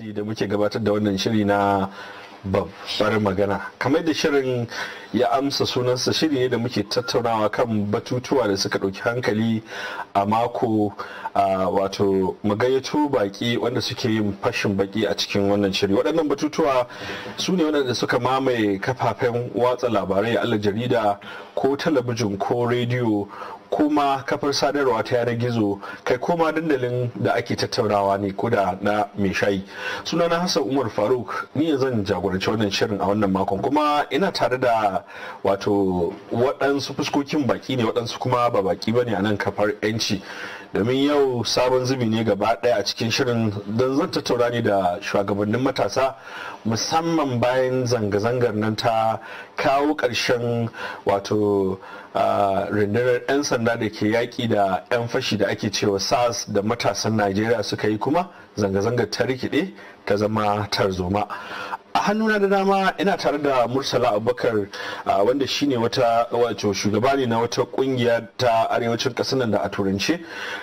lokaci da muke gabatar da wannan shiri na babbar magana kamar da shirin ya amsa sunansa shiri ne da muke tattaunawa kan batutuwa da suka ɗauki hankali a mako wato magayyato baki wanda suke yin fashin baki a cikin wannan shiri waɗannan batutuwa su ne wanda suka mamaye kafafen watsa labarai a jarida ko talabijin ko rediyo kuma kafar sadarwa ta yanar gizo kai koma dandalin da ake tattaunawa ne ko da na mai shayi suna na hassan umar faruk ni zan jagoranci wannan shirin a wannan makon kuma ina tare da wato waɗansu fuskokin baki ne waɗansu kuma ba baki ba ne a nan kafar yanci domin yau sabon zubi ne gaba ɗaya a cikin shirin don zan tattauna ne da shugabannin matasa musamman bayan zanga-zangar nan ta kawo ƙarshen wato rundunar 'yan sanda da ke yaƙi da 'yan fashi da ake cewa sars da matasan najeriya suka yi kuma zanga zanga ta rikide ta zama tarzoma a hannuna da dama ina tare da mursala abubakar wanda shine wata wato shugaba ne na wata kungiya ta arewacin ƙasar nan da a turance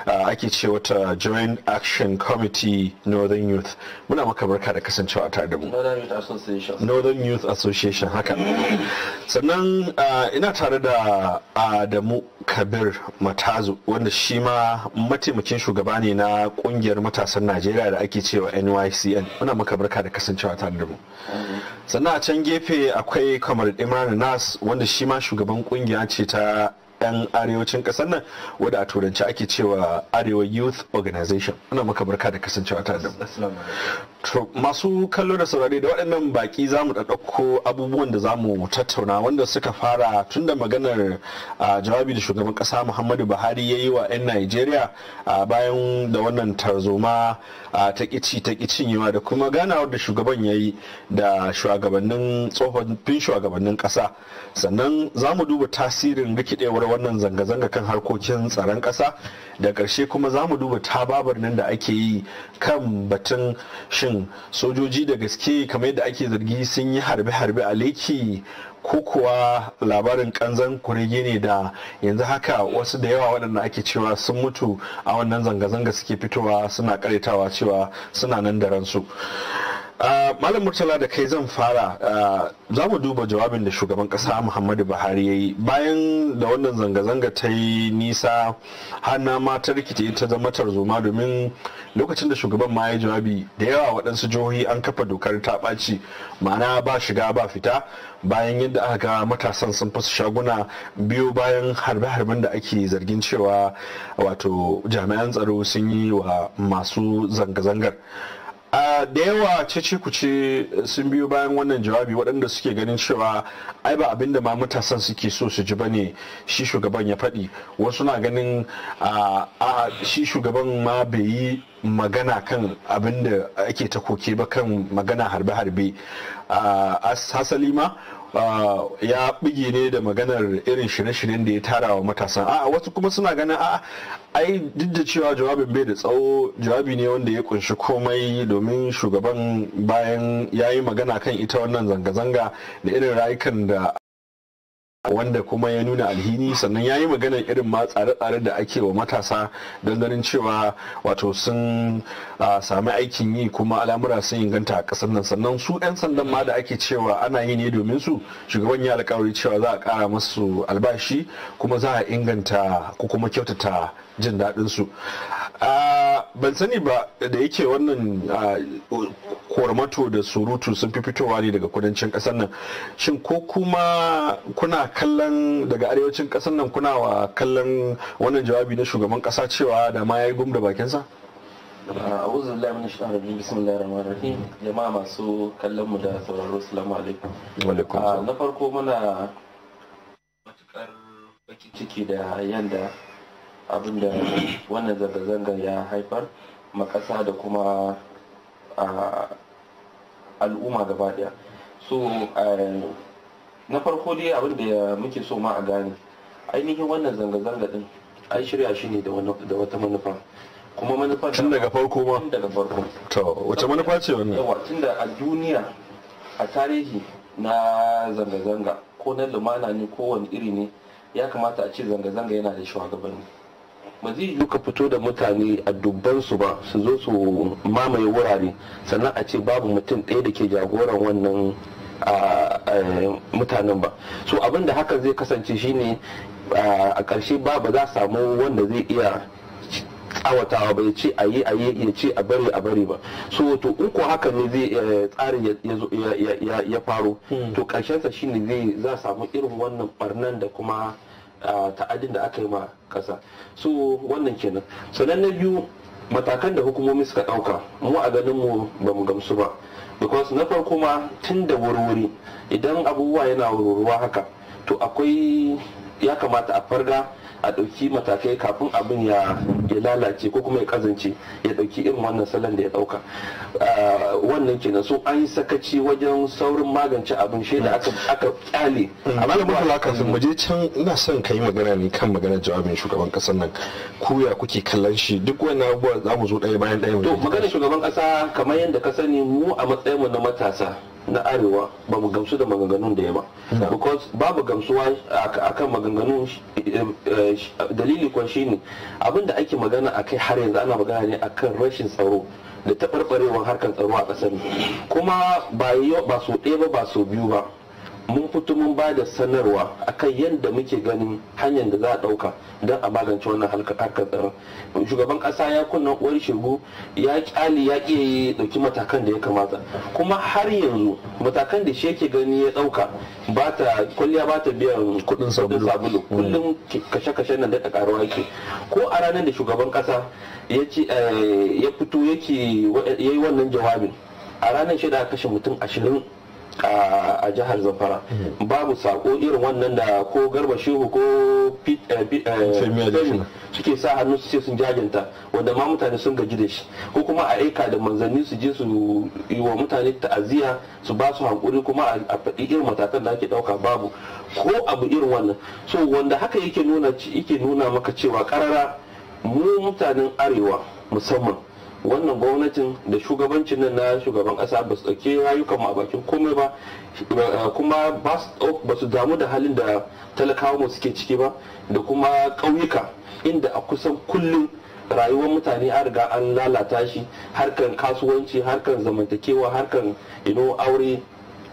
ake ce wata joint action committee northern youth muna maka barka da kasancewa tare da mu northern youth association haka sannan ina tare da adamu kabir matazu wanda shi ma mataimakin shugaba ne na kungiyar matasan najeriya da ake cewa nycn muna maka barka da kasancewa tare da mu sannan a can gefe akwai kamar imran nas wanda shi ma shugaban kungiya ce ta 'yan arewacin ƙasar nan wadda a turanci ake cewa arewa youth organization ana maka barka da kasancewa ta da masu kallo da saurari da waɗannan baƙi za mu ɗaɗɗauko abubuwan da za mu tattauna wanda suka fara tun da maganar jawabi da shugaban ƙasa muhammadu buhari ya yi wa 'yan najeriya bayan da wannan tarzoma ta ƙici ta ƙicin yawa da kuma ganawar da shugaban ya yi da shugabannin tsohon shugabannin ƙasa sannan za mu duba tasirin rikidewar wannan zanga-zanga kan harkokin tsaron ƙasa da ƙarshe kuma za mu duba tababar nan da ake yi kan batun shin sojoji da gaske kamar yadda ake zargi sun yi harbe-harbe a leki ko kuwa labarin kanzan kurege ne da yanzu haka wasu da yawa waɗanda ake cewa sun mutu a wannan zanga-zanga suke fitowa suna karetawa cewa suna nan da ransu Ah, malam murtala da kai zan fara ah, za mu duba jawabin da shugaban kasa muhammadu buhari ya yi bayan da wannan zanga-zanga ta yi nisa hana mata ta yi ta zama tarzoma domin lokacin da shugaban ma ya jawabi da yawa waɗansu jihohi an kafa dokar ta ɓaci ma'ana ba shiga ba fita bayan yadda aka ga matasan sun fasa shaguna biyu bayan harbe-harben da ake zargin cewa wato jami'an tsaro sun yi wa masu zanga-zangar a da yawa cece ce sun biyo bayan wannan jawabi waɗanda suke ganin cewa ai ba abin da ma matasan suke so su ji ba ne shi shugaban ya faɗi wasu na ganin a shi shugaban ma bai yi magana kan abin da ake ta koke ba kan magana harbe-harbe a hasali ma ya bige ne da maganar irin shirye-shiryen da ya tara wa matasan a wasu kuma suna ganin a ai duk da cewa jawabin bai da tsawo jawabi ne wanda ya kunshi komai domin shugaban bayan ya yi magana kan ita wannan zanga-zanga da irin rayukan da wanda kuma ya nuna alhini sannan ya yi maganar irin ma tsare-tsare da ake wa matasa don ganin cewa wato sun sami aikin yi kuma al'amura sun inganta a ƙasar nan sannan su 'yan sandan ma da ake cewa ana yi ne domin su shugaban ya alkawari cewa za a ƙara masu albashi kuma za a inganta ko kuma kyautata jin daɗin su ban sani ba da yake wannan kormato da surutu sun fi fitowa ne daga kudancin ƙasar nan shin ko kuma kuna kallon daga arewacin ƙasar nan kuna wa kallon wannan jawabi na shugaban ƙasa cewa da ma ya yi gum da bakinsa a'udhu billahi minash shaitanir rajim bismillahir rahmanir rahim jama'a masu kallon mu da sauraro assalamu alaikum wa alaikum na farko muna matukar bakin ciki da yanda abinda wannan zanga zanga ya haifar makasa da kuma al'umma gaba daya so na farko dai abinda ya muke so ma a gane ainihin wannan zanga-zanga din an shirya shi ne da wata manufa kuma manufa tun daga farko ma tun daga farko to wace manufa ce wannan yawa tun da a duniya a tarihi na zanga-zanga ko na lumana ne ko wani iri ne ya kamata a ce zanga-zanga yana da shugabanni ba zai yiwu ka fito da mutane a dubban su ba su zo su mamaye wurare sannan a ce babu mutum ɗaya da ke jagoran wannan mutanen ba so abin da hakan zai kasance shine a ƙarshe ba ba za samu wanda zai iya tsawatawa ba ya ce a yi a yi ya ce a bari a bari ba so to in ko haka ne zai eh, tsarin ya faro hmm. to ƙarshensa shine zai za samu irin wannan barnan da kuma ta'adin da aka yi ma kasa so wannan kenan sannan na biyu matakan da hukumomi suka ɗauka mu a ganin mu ba mu gamsu ba because na farko ma tun da wurwuri idan abubuwa yana ruruwa haka to akwai ya kamata a farga a ɗauki matakai kafin abin ya lalace ko kuma ya kazance ya ɗauki irin wannan salon da ya ɗauka ah, wannan kenan so an yi sakaci wajen saurin magance abin shi da aka kyale a malamin halaka mu. waje can ina son ka yi magana ne kan magana jawabin shugaban kasar nan kuya kuke kallon shi duk wani abubuwa za mu zo ɗaya bayan ɗaya to maganar shugaban kasa kamar yadda ka sani mu a matsayin mu na matasa na arewa ba mu gamsu da maganganun da ya ba mm-hmm. because babu gamsuwa akan maganganun eh, eh, dalili kwan shine abinda ake magana a kai har yanzu ana magana ne akan rashin tsaro da taɓarɓarewar harkar tsaro a ƙasar kuma ba so ɗaya ba ba so biyu ba mun fito mun ba da sanarwa akan yadda muke ganin hanyar da za a ɗauka don a magance wannan harkar tsaron shugaban ƙasa ya kunna uwar shigu ya ƙyali ya ƙi ɗauki matakan da ya kamata kuma har yanzu matakan da shi yake gani ya ɗauka ba ta kwalliya ba ta biyan kuɗin sabulu hmm. kullum kashe-kashe na da ƙaruwa yake ko a ranar da shugaban ƙasa ya eh, fito yake yi wannan jawabin a ranar shida kashe mutum ashirin a jihar zamfara mhm. babu sako irin wannan da ko garba shehu ko eh, eh, suke sa hannu su ce sun jajanta wanda ma mutane sun gaji da shi ko kuma a aika da manzanni su je su yi wa mutane ta'aziyya su ba su hankuri kuma a faɗi irin matakan da ake ɗauka babu ko abu irin wannan so wanda haka yake nuna nuna maka cewa karara mu mutanen arewa musamman wannan gwamnatin da shugabancin nan na shugaban kasa ba su ɗauki rayukan a bakin komai ba kuma ba su damu da halin da talakawa mu suke ciki ba da kuma ƙauyuka inda a kusan kullum rayuwar mutane an riga an lalata shi harkar kasuwanci harkar zamantakewa harkar ino aure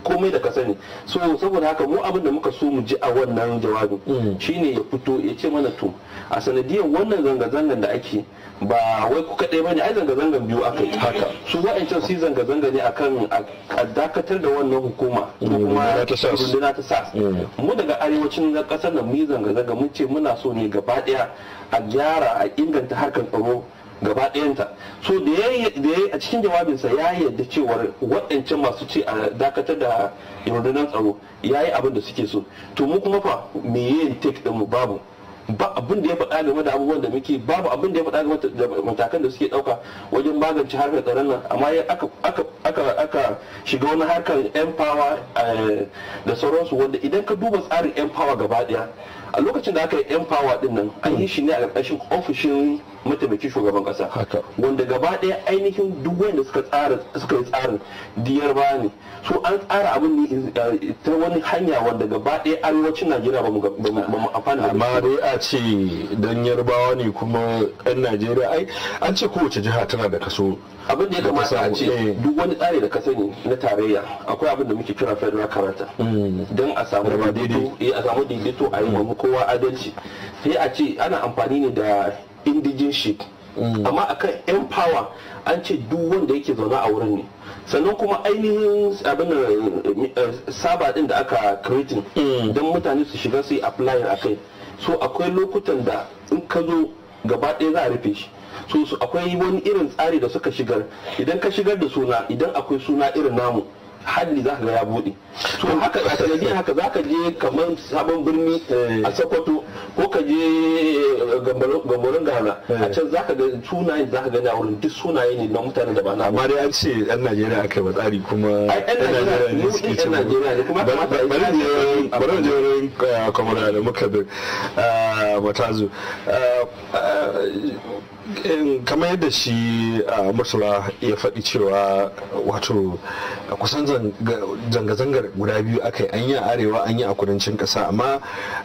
komai da ka sani so saboda haka mu abin da muka so mu ji a wannan jawabin mm. shine ya fito ya ce mana to a sanadiyar wannan zanga-zangan da ake ba wai ku kaɗai bane ai zanga-zangan biyu aka yi haka su wa'ancan su zanga-zanga ne akan a dakatar da wannan hukuma ko mm, kuma rundunar ta sa mm. mu daga arewacin ƙasar nan mu yi zanga-zanga mun ce muna so ne gaba ɗaya a gyara a inganta harkar tsaro gaba ɗayanta so da ya yi a cikin jawabinsa ya yadda cewar waɗancan masu ce a dakatar da yardunan tsaro ya yi abin da suke so to mu kuma fa me yin take ɗin mu babu ba abin da ya faɗa game da abubuwan da muke babu abin da ya faɗa game da matakan da suke ɗauka wajen magance harkar tsaron nan amma aka shiga wani harkar fawa eh, da sauransu wanda idan ka duba tsarin yan fawa gaba ɗaya a lokacin da aka yi 'Yan fawa din nan an yi shi ne a ƙarƙashin ofishin mataimakin shugaban ƙasa wanda gaba ɗaya ainihin duk wanda suka suka yi tsarin diyar ba ne su an tsara abin ne uh, ta wani hanya wanda gaba ɗaya arewacin najeriya ba mu amfana da amma dai a ce dan yarbawa ne kuma yan najeriya ai an ce kowace jiha tana da kaso abin da ya kamata a ce eh. duk wani tsari da ka sani na tarayya akwai abin da muke kira federal karata mm. don a samu daidaito eh, a samu daidaito a yi wa mm. kowa adalci sai a ce ana amfani ne da indigenship mm. amma akan empower an ce duk wanda yake zaune a wurin ne sannan kuma ainihin abin da eh, saba din da aka creating mm. don mutane su shiga su yi applying a kai so akwai lokutan da in ka zo gaba ɗaya za a rufe shi so akwai wani irin tsari da suka shigar idan ka shigar da suna idan akwai suna irin namu hali za ka ya bude to haka a sanadiyar haka za ka je kamar sabon birni eh. a sokoto ko ka je eh, gambarin ghana eh. a can za ka ga sunayen za ka gani a wurin duk sunaye ne na mutane da ba na amma dai an ce yan najeriya aka yi tsari kuma yan najeriya ne suke ce bari je kamar da muka bi matazu Eh, kamar yadda shi ah, mursula ya faɗi cewa wato kusan zanga-zangar guda biyu aka yi an yi arewa an yi a kudancin ƙasa amma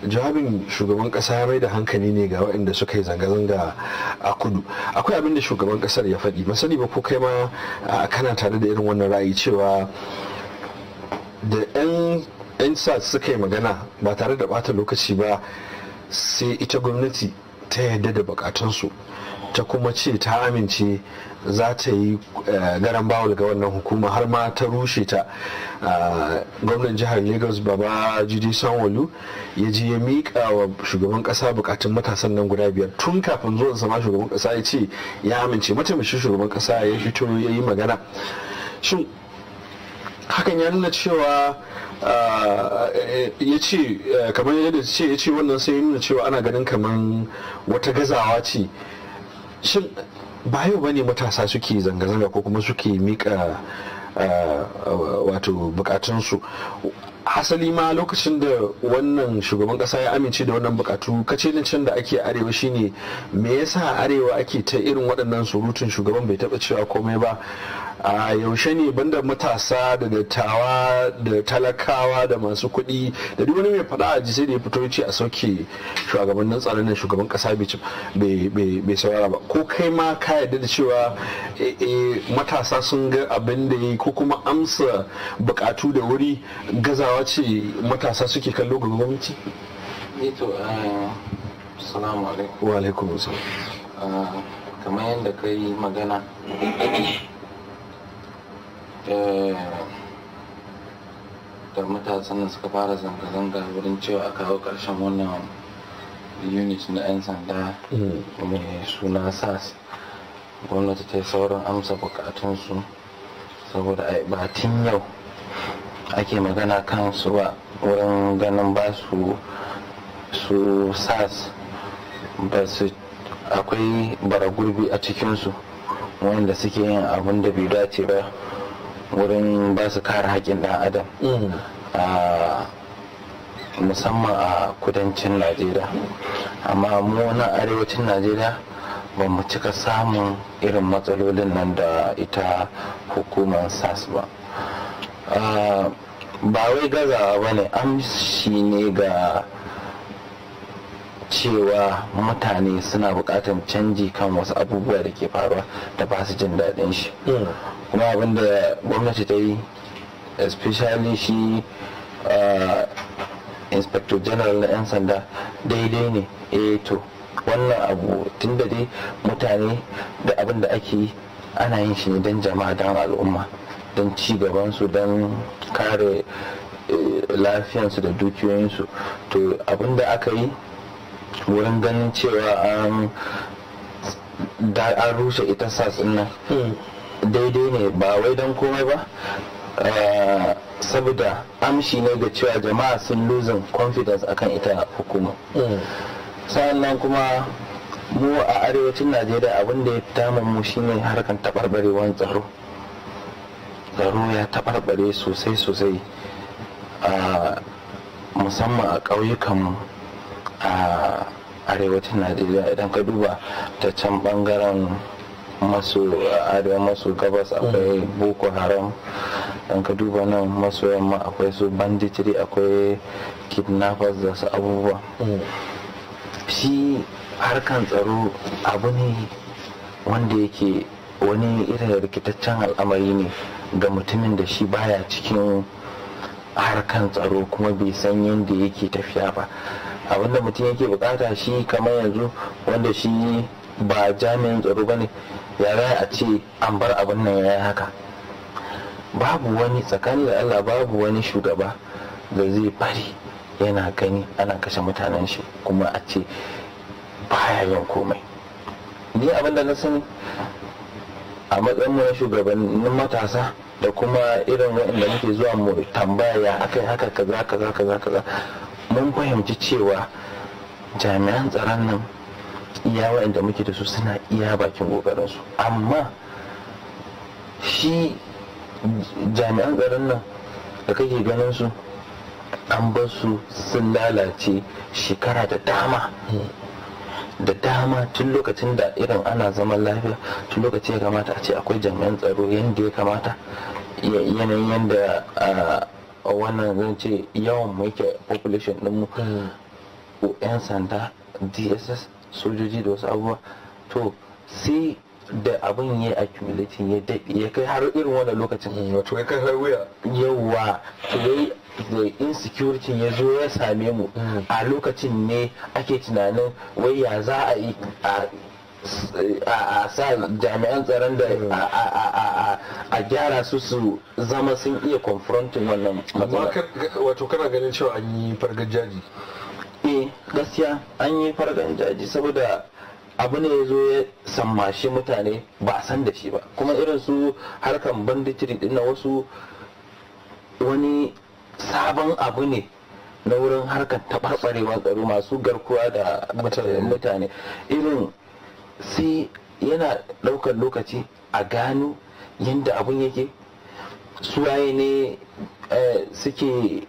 jawabin shugaban ƙasa ya mai da hankali ne ga waɗanda suka yi zanga-zanga a kudu akwai abin da shugaban ƙasar ya faɗi masani ba ko kai ma kana tare da irin wannan ra'ayi cewa da 'yan sa suka yi magana ba tare da ɓata lokaci ba sai ita gwamnati ta yarda da bukatunsu ta kuma ce ta amince za ta yi eh, garan bawul ga wannan hukuma har ma ta rushe ta ah, gwamnan jihar lagos baba jide sanwalu ya je ya miƙa wa shugaban ƙasa bukatun matasan nan guda biyar tun kafin zuwan sama shugaban ƙasa ya ce ya amince mataimakin shugaban ƙasa ya fito ya yi magana shin hakan ya nuna cewa ah, ya ce eh, kamar yadda ce ya ce wannan sai nuna cewa ana ganin kamar wata gazawa ce shin ba yau bane matasa suke zanga-zanga ko kuma suke mika wato bukatunsu hasali ma lokacin da wannan shugaban kasa ya amince da wannan bukatu kace can da ake arewa shine me yasa arewa ake ta irin waɗannan surutun shugaban bai taɓa cewa komai ba a yaushe ne banda matasa da dattawa da talakawa da masu kuɗi da duk wani mai faɗa a ji sai da ya fito ce a sauke shugabannin tsaron nan shugaban ƙasa bai saurara ba ko kai ma ka yarda da cewa eh, eh, matasa sun ga abin da ya yi ko kuma amsa bukatu da wuri gazawa ce matasa suke kallo ga gwamnati eh, ah, Assalamu alaikum. Wa alaikum ah, kamar yadda ka magana da matasan da suka fara zanga-zanga wurin cewa a kawo ƙarshen wannan unit na 'yan sanda mm. mai suna sas gwamnati ta yi saurin amsa bukatunsu saboda batin yau ake magana kan su ba wurin ganin ba su su sas ba su akwai bara gurbi a cikinsu wanda suke yin abin da bai dace ba wurin ba su kare haƙƙin ɗan adam mm. musamman a kudancin najeriya amma mu na arewacin najeriya ba mu cika samun irin matsalolin nan da ita hukumar sas ba ba wai gazawa ba ne amshi ne ga cewa mutane suna buƙatar canji kan wasu abubuwa da ke faruwa da ba su jin daɗin shi hmm. kuma abinda gwamnati ta yi especially shi ah, inspector general na 'yan sanda daidai ne eh to wannan abu tun da dai mutane da abinda da ake yi ana yin shi ne don jama'a don al'umma don ci gabansu don kare eh, lafiyansu da dukiyoyinsu to abin da aka yi wurin ganin cewa an rushe ita sas nan hmm. daidai ne ba wai don komai ba eh, saboda amshi ne ga cewa jama'a sun losing confidence akan ita hukuma hmm. sa'annan kuma mu a arewacin najeriya abin da ya fita mu shine harkan taɓarɓarewar tsaro tsaro ya taɓarɓare sosai sosai a ah, musamman a ƙauyukan mu. a arewacin najeriya idan ka duba ta can bangaren maso arewa maso gabas akwai boko haram idan ka duba nan maso yamma akwai su banditiri akwai kidnappers da su abubuwa shi harkan tsaro abu ne wanda yake wani irin rikitaccen al'amari ne ga mutumin da shi baya cikin harkan tsaro kuma bai san yadda yake tafiya ba abinda mutum yake bukata shi kamar yanzu wanda shi ba jami'in tsaro ba ne ya raya a ce an bar abin nan ya haka babu wani tsakanin da allah babu wani shugaba da zai bari yana gani ana kashe mutanen shi kuma a ce baya yin komai ni abinda na sani a matsayin mu na shugabannin matasa da kuma irin waɗanda muke zuwa mu tambaya akai haka kaza kaza kaza kaza mun fahimci cewa jami'an tsaron nan iya wa'anda muke da su suna iya bakin ƙoƙarinsu amma shi jami'an tsaron nan da kake ganin su an ba su sun lalace shekara da dama da dama tun lokacin da irin ana zaman lafiya tun lokacin ya kamata a ce akwai jami'an tsaro yadda ya kamata yanayin yadda ah, wannan zan ce yawan muke population ɗinmu yan hmm. sanda dss sojoji da wasu abubuwa to sai da abin ya accumulating ya daɗe ya kai har irin wannan lokacin hmm, wato ya kai har wuya yawa to yayi da insecurity ya zo ya same mu hmm. a lokacin ne ake tunanin wai ya za a yi a a sa jami'an tsaron da a gyara su su zama sun iya confronting wannan matsala wato kana ganin cewa an yi fargajaji eh gaskiya an yi fargajaji saboda abu ne ya zo ya sammashi mutane ba a san da shi ba kuma irin su harkan banditiri din na wasu wani sabon abu ne na wurin harkar taɓarɓarewar tsaro masu garkuwa da mutane irin sai yana ɗaukar lokaci a gano yadda abun yake suwaye ne eh, suke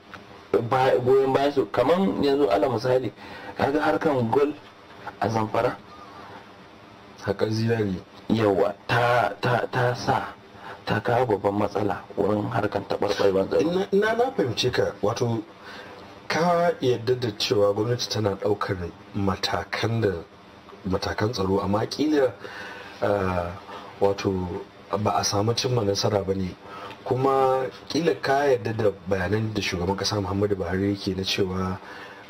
goyon bayan su kamar yanzu ala misali kaga harkan gol a zamfara haƙar zinari yawa ta, sa ta kawo babban matsala wurin harkan taɓarɓarewar na na fahimce ka wato ka yadda da cewa gwamnati tana ɗaukar matakan da matakan tsaro amma kila eh, wato ba a samu cimma nasara ba ne kuma kila ka yarda da bayanan da shugaban kasa muhammadu buhari yake na cewa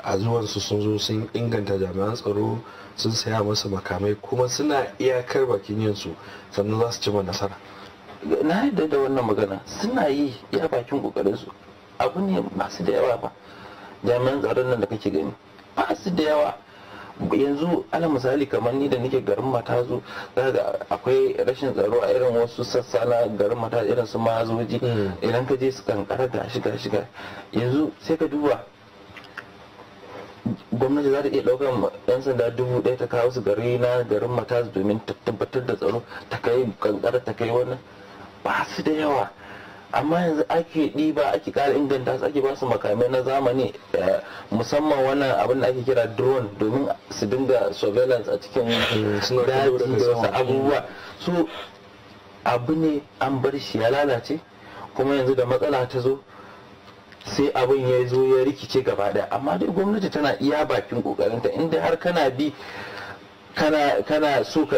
a zuwansu sun zo sun inganta jami'an tsaro sun saya masa makamai kuma suna iyakar bakin yinsu sannan za su cimma nasara na yadda da wannan magana suna yi ya bakin kokarinsu abu ne masu da yawa ba jami'an tsaron nan da kake gani ba su da yawa yanzu ala misali kamar ni da nake garin matazu ga akwai rashin tsaro a irin wasu sassa na garin matazu irin su mazoji hmm. idan ka je su kankara shiga shiga yanzu sai ka duba gwamnati za ta iya ɗaukar 'yan sanda dubu ɗaya ta kawo su gari na garin matazu domin tabbatar da tsaro ta kai kankara ta kai wannan ba su da yawa amma yanzu ake ɗiba ake ƙara inganta su ake basu makamai na zamani eh, musamman wannan abin da ake kira drone domin su dinga surveillance a cikin eh, daji da wasu abubuwa so abu ne an bar shi ya lalace kuma yanzu da matsala ta zo sai abin ya zo ya rikice gaba daya amma dai gwamnati tana iya bakin kokarinta inda har kana bi kana kana so ka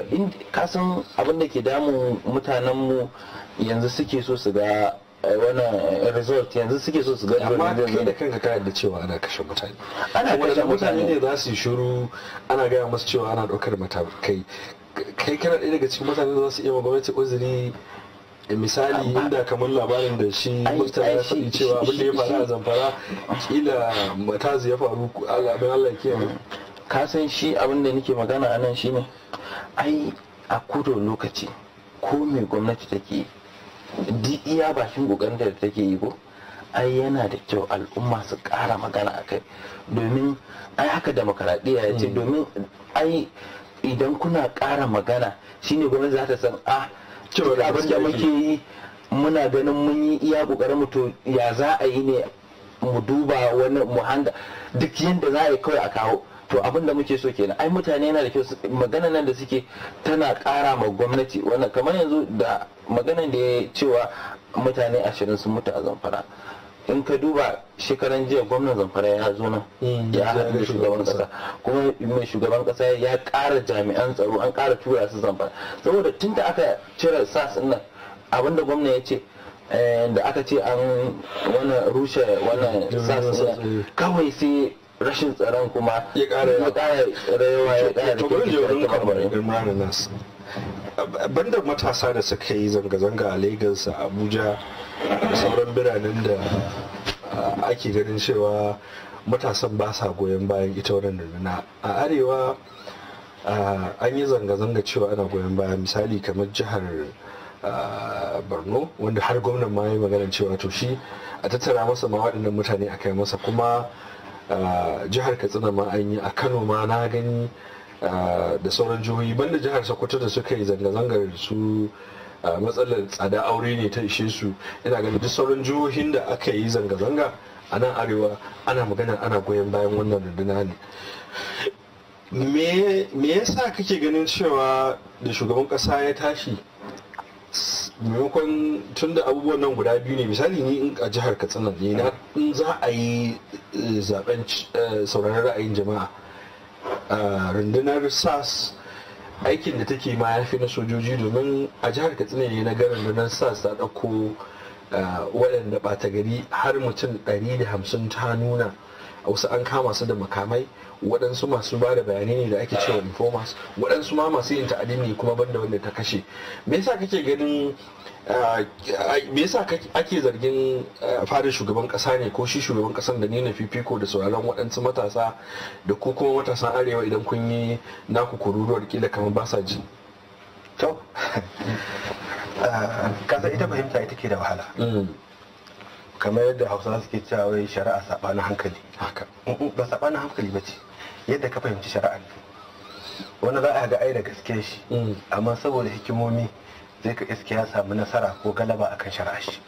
kasan abin da ke damun mutanenmu yanzu suke so su ga ai wannan result yanzu suke so su gani amma kai da kanka ka cewa ana kashe mutane ana kashe mutane ne za su yi shiru ana gaya musu cewa ana ɗaukar matakai kai kana ɗaya daga cikin mutane za su iya ma gwamnati uzuri misali inda kamar labarin da shi murtala ya faɗi cewa abin da ya faru a zamfara kila matazi ya faru alabin allah kiyaye ka san shi abin da nake magana a nan shine ai a kudo lokaci ko me gwamnati take duk iya bakin kokarin da take yi ko ai yana da kyau al'umma su kara magana a kai domin ai haka demokaradiyya ya ce mm. domin ai idan kuna kara magana shine gwamnati za ta san a ah, cewa abin da muke yi muna ganin mun yi iya kokarin mu to ya za a yi ne mu duba wani mu duk yadda za a yi kawai a kawo to abin da muke so kenan ai mutane yana da kyau magana nan da suke tana kara ma gwamnati wannan kamar yanzu da maganan da ya cewa mutane ashirin sun mutu a zamfara in ka duba shekaran jiya gwamnan zamfara ya zo nan eh, ya haɗu da shugaban kasa kuma mai shugaban kasa ya ƙara jami'an tsaro an ƙara tura su zamfara saboda tun da aka cire sas nan abinda gwamna ya ce eh, da aka ce an wani rushe wani sas kawai sai rashin tsaron kuma ya ƙara ya ƙara yawa ya kara da kyau banda matasa da suka yi zanga-zanga a Legas a Abuja da sauran biranen da ake ganin cewa matasan ba sa goyon bayan ita wannan na? a arewa an yi zanga-zanga cewa ana goyon bayan, misali kamar jihar borno wanda har gwamnan ma ya magana cewa to shi a tattara masa ma waɗannan mutane a kai masa kuma jihar katsina ma an yi a kano ma na gani da sauran jihohi banda jihar sokoto da suka yi zanga-zangar su matsalar tsada aure ne ta ishe su ina ganin duk sauran jihohin da aka yi zanga-zanga a nan arewa ana magana ana goyon bayan wannan runduna ne me yasa kake ganin cewa da shugaban kasa ya tashi maimakon tunda abubuwan nan guda biyu ne misali ni a jihar katsina ne na in za a yi eh, zaben eh, sauraron ra'ayin jama'a rundunar sas aikin da take ma ya fi na sojoji domin a jihar katsina ne na garin rundunar sas ta ɗauko waɗanda ɓata gari har mutum 150 ta nuna a wasu an kama su da makamai waɗansu masu ba da bayanai ne da ake cewa informers waɗansu ma masu yin ta'adin ne kuma banda wanda ta kashe me yasa kake ganin ah, me yasa ake zargin ah, fara shugaban kasa ne ko shi shugaban kasan da nuna fifiko da sauraron waɗansu matasa da ku kuma matasan arewa idan kun yi naku kururuwar kila kamar ba sa ji to ah, kasa ita fahimta ita ke da wahala mm. kamar yadda hausawa suke cewa shari'a saɓanin hankali haka mm, mm, ba saɓanin hankali ba ce yadda ka fahimci shari'ar wani za a ga ai da gaske shi mm. amma saboda hikimomi zai ka iske ya samu nasara ko galaba akan shari'a shi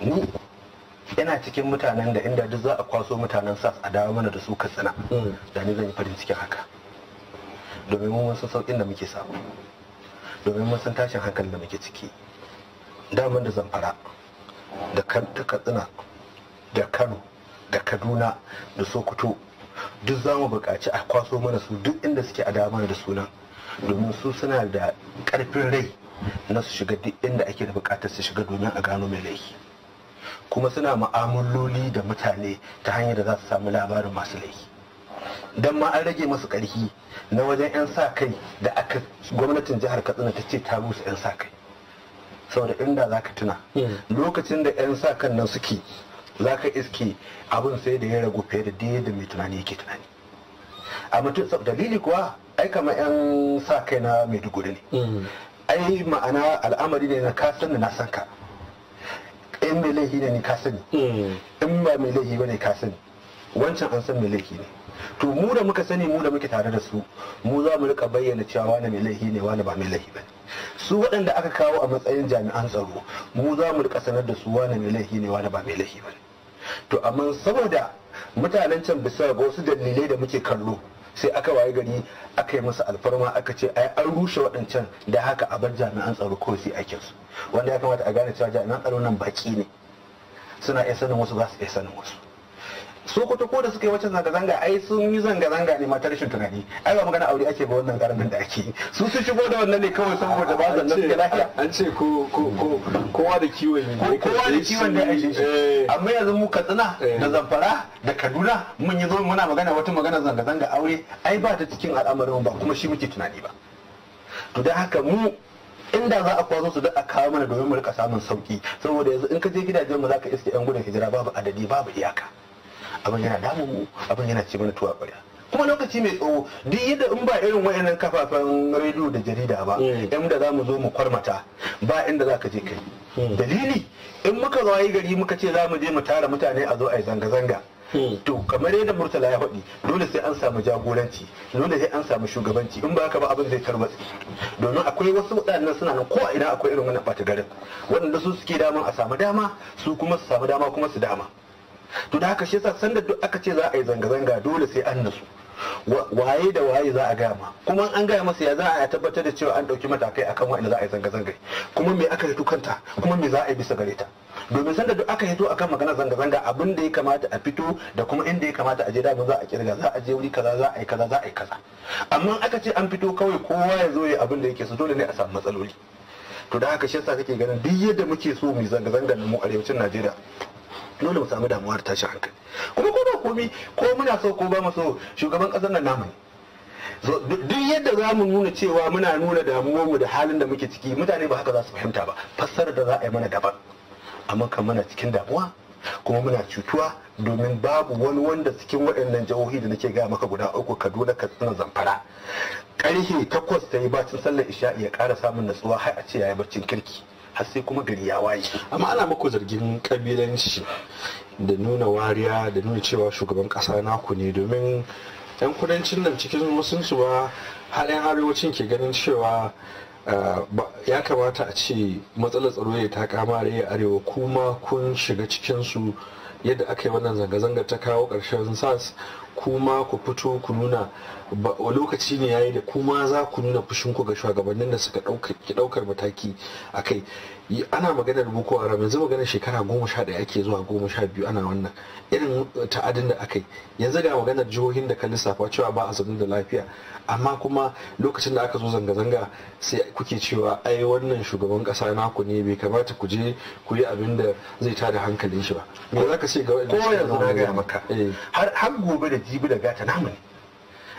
ni yana cikin mutanen da inda duk za a kwaso mutanen sas a dawo mana da su katsina mm. da ni zan yi farin cikin haka domin mun san saukin da muke samu domin mun san tashin hankalin da muke ciki daman da zamfara da katsina da kano da kaduna da sokoto duk za mu buƙaci a kwaso mana su duk inda suke a damar da suna domin su suna da ƙarfin rai na su shiga duk inda ake da buƙatar su shiga domin a gano mai laifi kuma suna ma'amuloli da mutane ta hanyar da za su samu labarin masu laifi don ma an rage masu ƙarfi na wajen 'yan sa kai da aka gwamnatin jihar katsina ta ce ta rusa 'yan sa kai saboda inda za ka tuna hmm. lokacin da 'yan sa kan nan suke za ka iske abin sai da ya ragu fiye da da mai tunani yake tunani a mutum dalili kuwa ai kama yan sa kai na dugudu ne mm. ai ma'ana al'amari ne na kasan da na san ka in mai laifi ne ni ka sani mm. in ba mai laifi ba ne ka sani wancan an san mai laifi ne to mu da muka sani mu da muke tare da su mu za mu rika bayyana cewa wani mai laifi ne wani ba mai laifi ba su waɗanda aka kawo a matsayin jami'an tsaro mu za mu rika sanar da su wani mai laifi ne wani ba mai laifi ba ne to amma saboda mutanen can bisa ga wasu dalilai da muke kallo sai aka waye gari aka yi masa alfarma aka ce ai an rushe waɗancan da haka a bar jami'an tsaro ko sai ake su wanda ya kamata a gane cewa jami'an tsaro nan baki ne suna iya sanin wasu za su iya sanin wasu kuta ko da suka yi wacce zanga-zanga ai sun yi zanga-zanga ne matar rashin tunani ai ba magana aure ake ba wannan karamin da ake su su shigo da wannan ne kawai saboda ba zan nan lafiya an ce ko ko ko kowa da kiwon ne kowa da kiwon da ake shi eh. amma yanzu mu katsina eh. da zamfara da kaduna mun yi zo muna magana wata magana zanga-zanga aure ai ba ta cikin al'amarin ba kuma shi muke tunani ba to dan haka mu inda za a kwazo su da a kawo mana domin mu rika samun sauki saboda yanzu in ka je gidajen mu ka iske yan gudun hijira babu adadi babu iyaka abin yana damu abin yana ci mana tuwa kwarya kuma lokaci mai tsawo duk yadda in ba irin wayannan kafafen rediyo da jarida ba hmm. yan da za mu zo mu kwarmata ba inda za ka je kai hmm. dalili in muka zo yi gari muka ce za mu je mu tara mutane a zo a yi zanga-zanga hmm. to kamar yadda murtala ya faɗi dole sai an samu jagoranci dole sai an samu shugabanci in ba haka ba abin zai tarwatsi domin akwai wasu waɗannan suna nan ko a ina akwai irin wannan ɓata garin waɗanda su suke dama a samu dama su kuma su samu dama kuma su dama to da haka shi yasa sanda duk aka ce za a yi zanga-zanga dole sai an nasu waye da waye za a gaya ma kuma an gaya masa ya za a tabbatar da cewa an ɗauki matakai akan waɗanda za a yi zanga-zanga kuma me aka yi kanta kuma me za a yi bisa gare ta domin sanda duk aka hito akan magana zanga-zanga abin da ya kamata a fito da kuma inda ya kamata a je damu za a kirga za a je wuri kaza za a yi kaza za a yi kaza amma aka ce an fito kawai kowa ya zo ya abin da yake so dole ne a samu matsaloli to da haka shi yasa kake ganin duk yadda muke so mu zanga-zanga mu arewacin Najeriya dole mu samu damuwar da tashin hankali kuma ko ba komi ko muna so ko ba mu so shugaban kasar nan namu duk yadda za mu nuna cewa muna nuna mu da halin da muke ciki mutane ba haka za su fahimta ba fassarar da za a yi mana daban amma kan muna cikin damuwa kuma muna cutuwa domin babu wani wanda cikin waɗannan jihohi da nake gaya maka guda uku kaduna katsina zamfara ƙarfe takwas ta yi bacin sallar isha'i ya ƙara samun natsuwa har a ce ya yi barcin kirki har sai kuma gari ya waye amma ana mako zargin kabilanci da nuna wariya da nuna cewa shugaban kasa naku ne domin yan kudancin nan cikin wasu su ba har yan arewacin ke ganin cewa eh, ya kamata a ce matsalar tsaro ya ta kama da arewa kuma kun shiga cikin su yadda aka yi wannan zanga-zanga ta kawo ƙarshen sas kuma ku fito ku nuna lokaci ne yayi da kuma za ku nuna fushin ku ga shugabannin da suka ɗaukar mataki a kai ana maganar boko haram yanzu maganar shekara goma sha ɗaya ake zuwa goma sha biyu ana wannan irin uh, ta'adin da aka yi yanzu ga maganar jihohin da ka lissafa cewa ba a zaune da lafiya amma kuma lokacin da aka zo zanga-zanga sai kuke cewa ai wannan shugaban kasa naku ne bai kamata ku je ku yi abin da zai tada hankalin shi ba me za ka ce ga wanda shi maka eh. har gobe da jibi da gata namu ne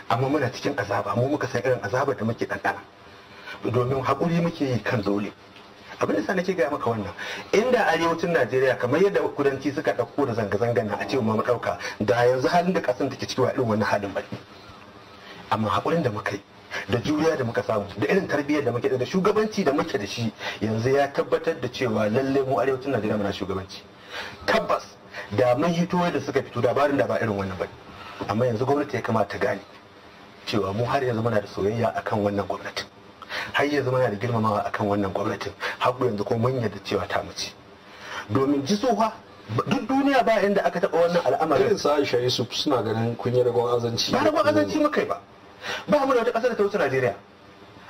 amma muna cikin azaba mu muka san irin azabar da muke ɗanɗana domin haƙuri muke yi kan dole abin da sa nake gaya maka wannan inda arewacin najeriya kamar yadda kudanci suka ɗauko da zanga-zanga na a ce mu ɗauka da yanzu halin da ƙasar take ciki wa irin wannan halin ba amma haƙurin da muka yi da juriya da muka samu da irin tarbiyyar da muke da shugabanci da muke da shi yanzu ya tabbatar da cewa lalle mu arewacin najeriya muna shugabanci tabbas da mun hito da suka fito da barin da ba irin wannan ba amma yanzu gwamnati ya kamata gane cewa mu har yanzu muna da soyayya akan wannan gwamnatin har yanzu muna da girmamawa akan wannan gwamnatin har yanzu ko mun yarda cewa ta mace domin ji tsoha duk duniya ba inda aka taɓa wannan al'amarin irin sa'a shari su suna ganin kun yi ragon azanci ba ragon azanci muka yi ba ba mu da wata ƙasar da ta wuce Najeriya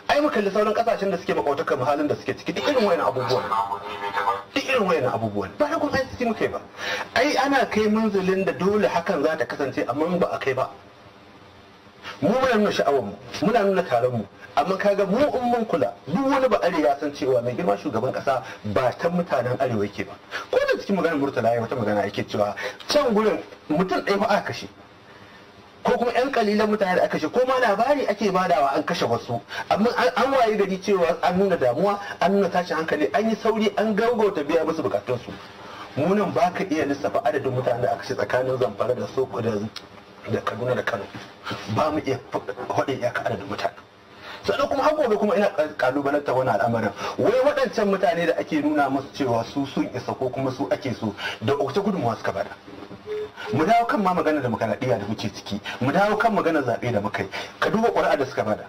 ai mu kalli sauran kasashen da suke kan halin da suke ciki duk irin wayan abubuwan duk irin wayan abubuwan ba ragon azanci muka yi ba ai ana kai munzulin da dole hakan za ta kasance amma ba a kai ba mu muna nuna sha'awar mu muna nuna taron mu amma kaga mu in mun kula duk wani ba arewa san cewa mai girma shugaban kasa ba ta mutanen arewa yake ba ko da cikin maganar murtala ya wata magana yake cewa can gurin mutum ɗaya ba aka kashe ko kuma yan kalilan mutane da aka kashe ko ma labari ake badawa an kashe wasu amma an waye gari cewa an nuna damuwa an nuna tashin hankali an yi sauri an gaugauta biya musu bukatunsu munan ba ka iya lissafa adadin mutanen da aka kashe tsakanin zamfara da soko da da kaduna da kano ba mu iya faɗin iyaka adadin mutane sannan kuma har bai kuma ina ta wani al'amarin wai waɗancan mutane da ake nuna musu cewa su sun isa ko kuma su ake so da wace gudunmawa suka bada mu dawo kan ma magana da makaradiyya da muke ciki mu dawo kan magana zaɓe da muka yi ka duba ƙuri'a da suka bada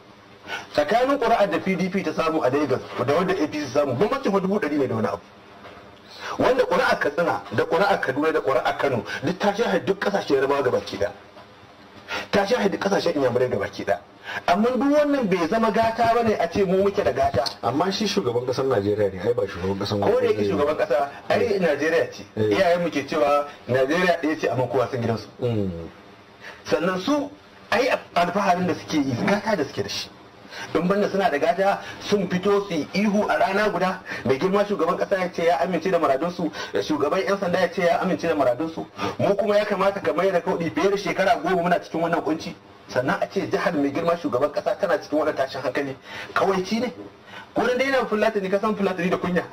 tsakanin ƙuri'ar da pdp ta samu a lagos da wanda apc samu bambancin fa dubu ɗari ne da wani abu wanda ƙuri'ar katsina da ƙuri'ar kaduna da ƙuri'ar kano duk ta shahar duk ƙasashen yarbawa gaba ɗaya ta shahidi kasashen inyamurai da baki da amma duk wannan bai zama gata ba ne a ce mu muke da gata amma shi shugaban kasar Najeriya ne ai ba shugaban kasar ko da yake shugaban kasa ai Najeriya ce eh. iyayen mu ke cewa Najeriya ɗaya ce amma kowa sun gidansu mm. sannan su ai alfaharin da suke yi gata da suke da shi in banda suna da gata sun fito su ihu a rana guda mai girma shugaban kasa ya ce ya amince da muradunsu shugaban yan sanda ya ce ya amince da muradunsu mu kuma ya kamata ka mai da kaudi fiye da shekara goma muna cikin wannan kunci sannan a ce jihar mai girma shugaban kasa tana cikin wannan tashin hankali kawai ci ne gurin da yana fulatani kasan fulatani da kunya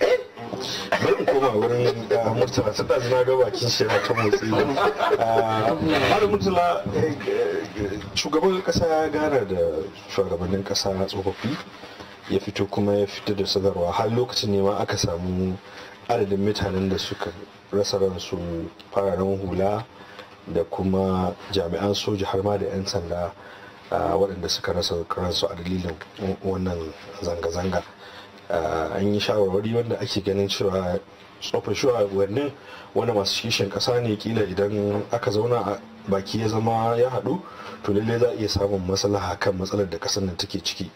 bari koma wurin eh, murtala ta ɗazu na ga bakin shi ta motsi har eh, murtala eh, shugaban ƙasa gana da shugabannin ƙasa tsofaffi ya fito kuma ya fito da sadarwa har lokacin ne ma aka samu adadin mutanen da suka rasa ransu fararen hula da kuma jami'an soja har ma da 'yan sanda ah, waɗanda suka rasa ransu a dalilin wannan zanga-zanga Ah, an yi shawarwari wanda ake ganin cewa tsofin shugabannin wanda masu kishin kasa ne kila idan aka zauna a baki ya zama ya haɗu to lalle za a iya samun matsala kan matsalar da kasar nan take ciki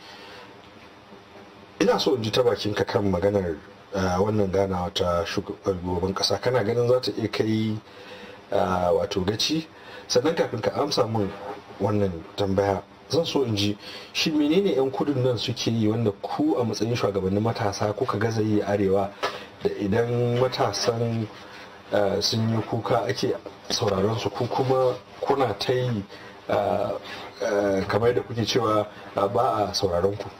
ina so in ji ta bakin ka kan maganar ah, wannan ganawa ta shugaban kasa kana ganin za ta iya kai ah, wato gaci sannan kafin ka amsa min wannan tambaya zan so in ji shi menene 'yan kudin nan suke yi wanda ku a matsayin shugabannin matasa kuka gaza yi arewa da idan matasan eh, sun yi kuka ake sauraron su ku kuma kuna ta yi eh, eh, kamar da kuke cewa ba a sauraron ku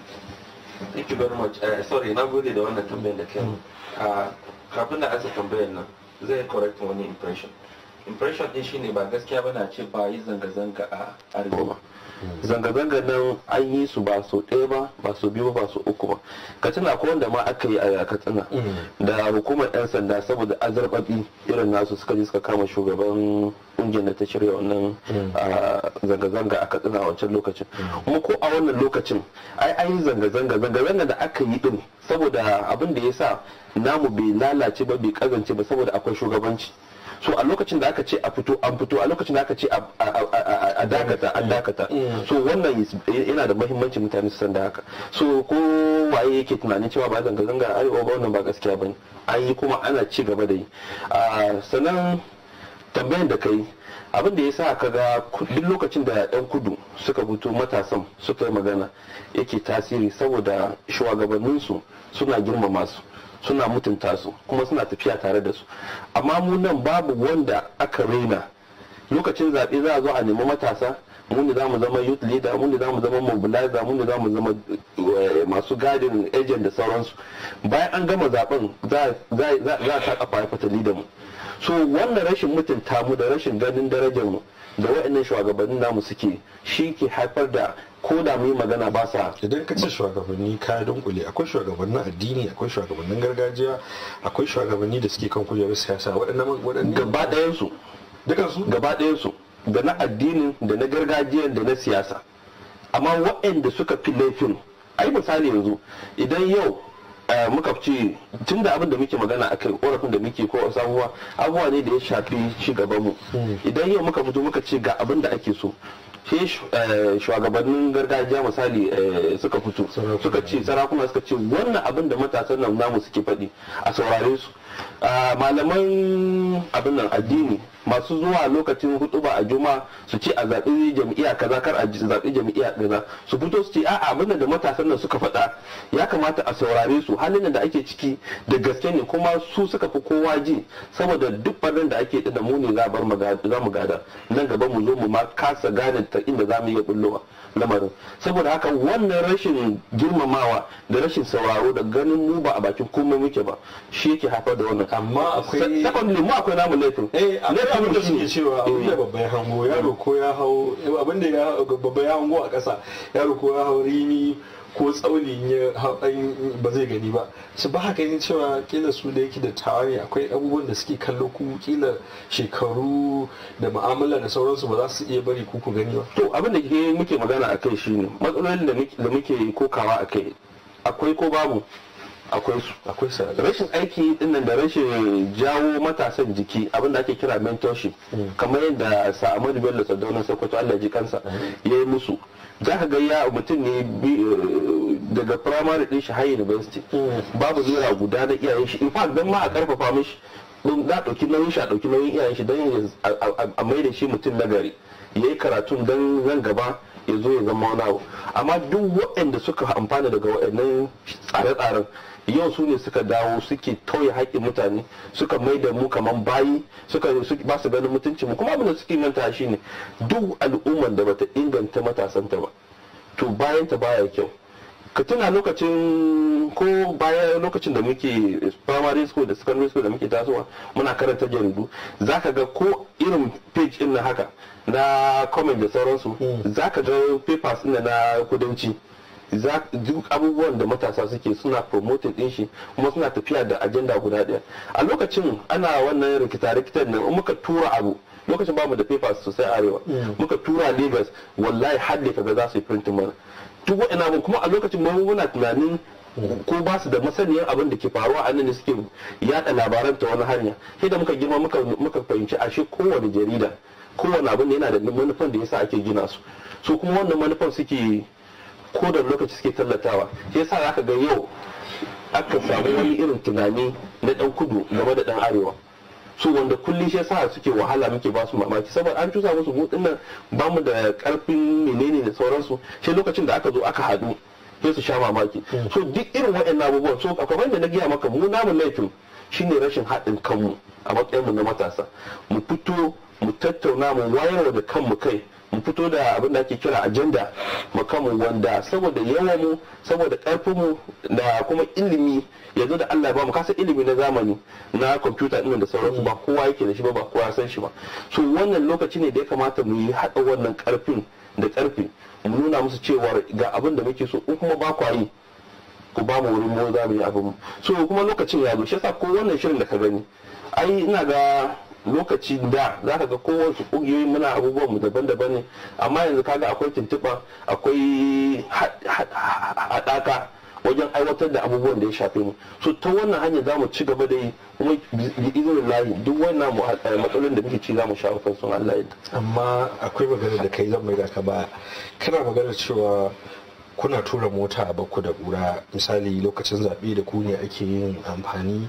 thank you very much sorry na gode da wannan tambayar da kai mm. ah, kafin da asa tambayar nan zai correct wani impression impression din shine ba gaskiya bana ce ba yi zanga-zanga a arewa zanga zanga nan an yi su ba su ɗaya ba ba su biyu ba su uku ba katsina ko wanda ma aka yi a katsina mm. da hukumar 'yan sanda saboda azarbaɓi irin nasu suka je suka kama shugaban ƙungiyar da ta shirya wannan mm. zanga-zanga a katsina a wancan lokacin mm. kuma ko a wannan lokacin ai an yi zanga-zanga zanga-zanga da aka yi din saboda abin da ya sa namu bai lalace ba bai kazance ba saboda akwai shugabanci so a lokacin da aka ce a fito an fito a lokacin da aka ce a dakata an dakata mm. so wannan yana da mahimmanci mutane su san da haka so ko waye yake tunanin cewa ba zanga zanga arewa ba wannan ba gaskiya bane an yi kuma ana ci gaba da yi sannan tambayan da kai abin da ya sa ka ga duk lokacin da yan kudu suka fito matasan suka yi magana yake tasiri saboda shugabanninsu suna girmama su suna mutunta su kuma suna tafiya tare da su amma mu nan babu wanda aka raina lokacin zaɓe za a zo a nemi matasa mun da mu zama youth leader mun da mu zama mobilizer mun da mu zama eh, masu gadin agent da sauransu bayan an gama zaben za a taƙa kafa fata leader mu so wannan rashin mutunta mu da rashin ganin darajar mu da wa'annan shugabannin namu suke shi ke haifar da ko da mu yi magana ba sa idan ka ce shugabanni ka dunkule akwai shugabannin addini akwai shugabannin gargajiya akwai shugabanni da suke kan kujerar siyasa waɗannan waɗannan gaba ɗayan su dukan su gaba ɗayan su da na addinin da na gargajiyan da na siyasa amma waɗanda suka fi laifin ai misali yanzu idan yau eh, muka ce tun da abin da muke magana a kai korafin da muke ko sabuwa abubuwa ne da ya shafi ci gaban mu hmm. idan yau muka fito muka ce ga abin da ake so shi eh, shugabannin gargajiya misali eh, suka fito suka ce sarakuna suka ce wannan abin da matasan nan namu suke faɗi a saurare su Ah, malaman abin nan addini masu zuwa lokacin hutuba a juma su ce a zaɓi jam'iyya kaza kar a zaɓi jam'iyya kaza su fito su ce a abin da matasan nan suka faɗa ya kamata a saurare su halin da ake ciki da gaske ne kuma su suka fi kowa ji saboda duk barin da ake da mu ne za mu gada nan gaba mu zo mu ma kasa gane ta inda za mu iya bullowa lamarin saboda haka wannan rashin girmamawa da rashin sauraro da ganin mu ba a bakin komai muke ba shi yake haifar da wannan amma akwai mu akwai namu laifin eh abin da suke cewa abin da eh. babban hango yaro ko ya hau abin da ya babban hango a ƙasa yaro ko ya hau rimi ko tsauni ya ba zai gani ba su ba haka yin cewa kila su da yake da tawari akwai abubuwan da suke kallo ku kila shekaru da mu'amala da sauransu ba za su iya bari ku ku gani ba to abin da muke magana akai shine matsalolin da muke kokawa akai akwai ko babu akwai su akwai su rashin aiki din da rashin jawo matasan jiki abin da ake kira mentorship mm. kamar yadda Sa'amadu Bello Sadaunan Sokoto Allah ji kansa mm. yayi musu za ka ga ya mutum ne eh, daga primary din shi high university mm. babu zuwa guda na iyayen shi in fact don ma a karfafa mishi don da ɗauki nauyin shi a ɗauki nauyin iyayen shi don a mai da shi mutum na gari ya yi karatun don zan gaba ya zo ya zama wani abu amma duk waɗanda suka amfana daga waɗannan tsare-tsaren yau su ne suka dawo suke tauye haƙƙin mutane suka mai da mu kamar bayi suka ba su ganin mutunci mu kuma abin da suke manta shi ne duk al'ummar da bata inganta matasanta ba to bayan ta baya kyau ka tuna lokacin ko bayan lokacin da muke primary school da secondary school da muke tasowa muna karanta jaridu za ka ga ko irin page din na haka na comment da sauransu hmm. za ka ga papers din na kudanci duk abubuwan da matasa suke suna promoting din shi kuma suna tafiya da ajanda guda ɗaya a lokacin ana wannan rikita-rikitan nan muka tura abu lokacin bamu da papers sosai arewa mm. muka tura lagos wallahi har da kaga za su yi printing mana duk wa'ina abun kuma a lokacin mu muna tunanin ko ba su da masaniyar abin da ke faruwa a nan ne suke yada labaran ta wani hanya sai da muka girma muka fahimci ashe kowane jarida kowane abin yana da manufan da yasa ake gina su su kuma wannan manufan suke ko da lokaci suke tallatawa shi yasa zaka ga yau aka samu wani irin tunani na dan kudu game da dan arewa su wanda kullum shi yasa suke wahala muke ba su mamaki saboda an cusa musu mu dinnan ba da karfin menene da sauransu shi lokacin da aka zo aka haɗu sai su sha mamaki so duk irin waɗannan abubuwan so akwai wanda na gaya maka mu namu laifin shine rashin haɗin kanmu a matsayinmu na matasa mu fito mu tattauna mu wayar da kanmu kai Mu fito da abin da ake kira ajanda makamu wanda saboda yawan mu saboda karfin mu da kuma ilimi yanzu da Allah ba mu kasa ilimi na zamani na kwamfuta din da sauransu ba kowa yake da shi ba ba kowa san shi ba so wannan lokaci ne da ya kamata mu yi haɗa wannan karfin da karfi mu nuna musu cewa ga abin da muke so in kuma ba ku yi ku ba mu wurin mu za mu yi abin so kuma lokacin ya zo shi yasa ko wannan shirin da ka gani ai ina ga lokaci da za ka ga kowace ƙungiyoyi muna abubuwan mu daban-daban ne amma yanzu kaga akwai tuntuɓa akwai haɗaka wajen aiwatar da abubuwan da ya shafe mu so ta wannan hanyar za mu ci gaba da yi kuma izinin lahi duk wannan eh, matsalolin da muke ci za mu sha kan sun Allah ya amma akwai magana da kai zan mai da ka ba kana magana cewa kuna tura mota a bakku da kura misali lokacin zaɓe da ku ne ake yin amfani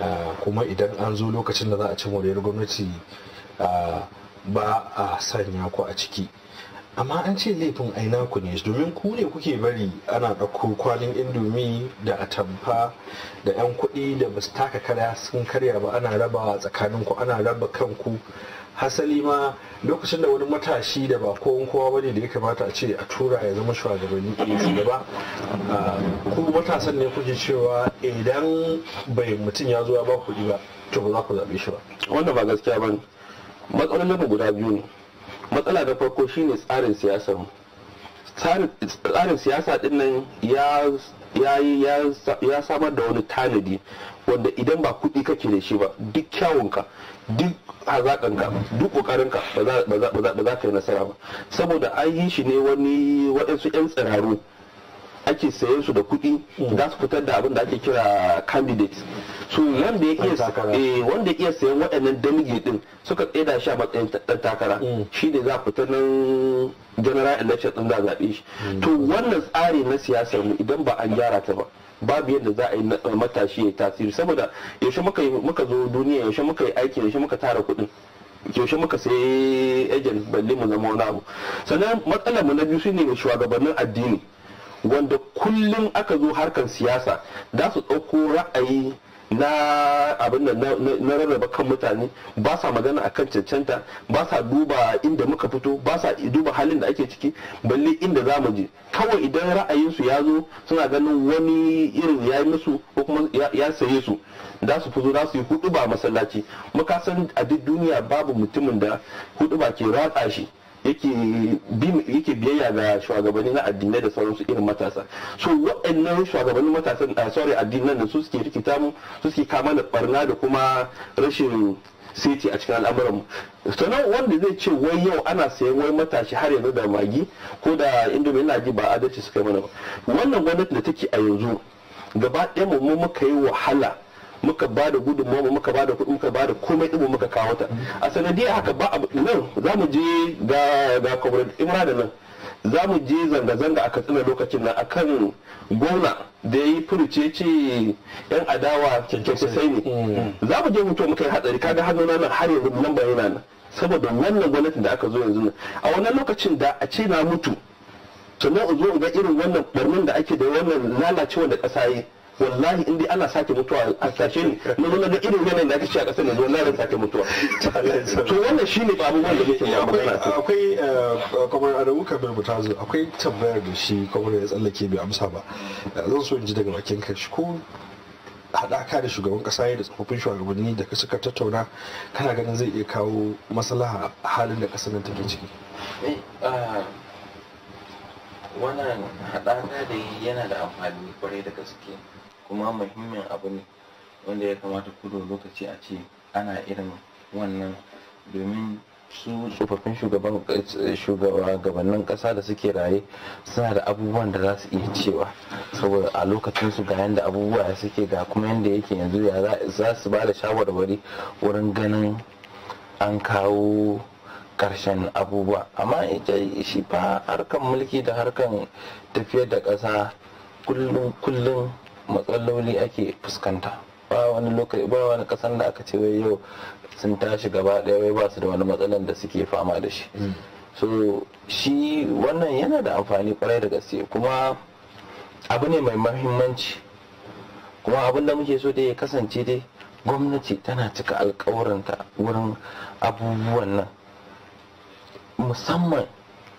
Ah, kuma idan an zo lokacin da za a ci moriyar gwamnati ah, ba a sanya ku a ciki amma an ce laifin aina ku ne domin ku ne kuke bari ana ɗauko kwalin indomi da atamfa da 'yan kuɗi da ba su taka karya sun karya ba ana rabawa tsakanin ku ana raba kanku hasali ma lokacin da wani matashi da ba kowan kowa bane da ya kamata a ce a tura ya zama shugabanni ke shugaba ku matasan ne kuke cewa idan bai mutum ya zuwa ba kuɗi ba to ba za ku zaɓe shi ba wanda ba gaskiya ba matsalolin mu guda biyu ne matsala da farko shine tsarin siyasa tsarin siyasa din nan ya samar da wani tanadi wanda idan ba kuɗi kake da shi ba duk kyawunka duk hazaƙanka duk ƙoƙarinka ba za ka yi nasara ba saboda an yi shi ne wani waɗansu 'yan tsiraru ake sayen su da kuɗi mm. za su fitar da abin da ake kira candidates su wanda ya iya sayan waɗannan delegate din suka tsaida shi a matsayin ɗan takara mm. shi ne za a fita nan general election ɗin za a zaɓe shi mm. to wannan tsari na siyasar mu idan ba an gyara ta ba babu yadda za a yi eh, matashi ya tasiri saboda yaushe muka zo duniya yaushe muka yi aiki yaushe muka tara kuɗin yaushe muka sayi agent balle mu zama wani abu sannan matsalar mu na biyu shine shugabannin addini wanda kullum aka zo harkar siyasa za su ɗauko ra'ayi na abin na rarraba kan mutane ba sa magana a kan cancanta ba sa duba inda muka fito ba sa duba halin da ake ciki balle inda za mu je kawai idan ra'ayinsu ya zo suna ganin wani irin ya yi musu ko kuma ya saye su za su fito za su yi hudu ba masallaci muka san a duk duniya babu mutumin da hudu ba ke ratsa shi yake biyayya ga shugabanni na addinai da sauransu irin matasa so waɗannan shugabannin matasan a ah, sorry addinan da su suke rikita mu su suke kama da barna da kuma rashin siti a cikin al'amuran mu sannan wanda zai ce wai yau ana sayan wai matashi har yanzu da magi ko da indomi yana ji ba adalci suka mana ba wannan gwamnati da take a yanzu gaba ɗaya mu muka yi wahala muka ba da gudunmawa muka ba da kuɗi muka ba da komai ɗin muka kawo ta a sanadiyar haka ba abu nan za mu je ga ga kwamrat imra da nan za mu je zanga-zanga a katsina lokacin nan akan gona da ya yi furuce ce yan adawa sai ne eh. za mu je mutu muka yi hatsari kaga na nan har yanzu nan bayana nan saboda wannan gwamnatin da aka zo yanzu nan a wannan lokacin da a ce na mutu sannan in zo in ga irin wannan barnin da ake da wannan lalacewa da ƙasa yi wallahi in dai ana sake mutuwa a sace ni na zo ga irin yanayin da ake ci a kasar nan wallahi zan sake mutuwa to wannan shine ba abubuwan da muke yi akwai kamar eh, Adamu Kabir Mutazu akwai tambayar da shi kamar ya tsallake bai amsa ba eh, zan so in ji daga bakin kashi shi ko haɗaka da shugaban ƙasa da tsofaffin shugabanni da suka tattauna kana ganin zai iya kawo maslaha halin da ƙasar nan take ciki eh, ah, wannan haɗaka da yana da amfani kwarai da gaske kuma muhimmin abu ne wanda ya kamata kudo lokaci a ce ana irin wannan domin su tsofaffin eh, shugabannin kasa da suke raye suna da abubuwan da za su iya cewa saboda a lokacinsu ga yadda abubuwa ya suke ga kuma yadda yake yanzu ya za su ba da shawarwari wurin ganin an kawo karshen abubuwa amma shi fa harkan mulki da harkan tafiyar da kasa kullum kullum matsaloli ake fuskanta ba wani lokaci ba wani kasan da aka ce wai yau sun tashi gaba ɗaya wai ba su da wani matsalan da suke fama da shi hmm. so shi wannan yana da amfani kwarai da gaske kuma abu ne mai mahimmanci kuma abin da muke so da ya kasance dai gwamnati tana cika alkawuranta wurin abubuwan nan musamman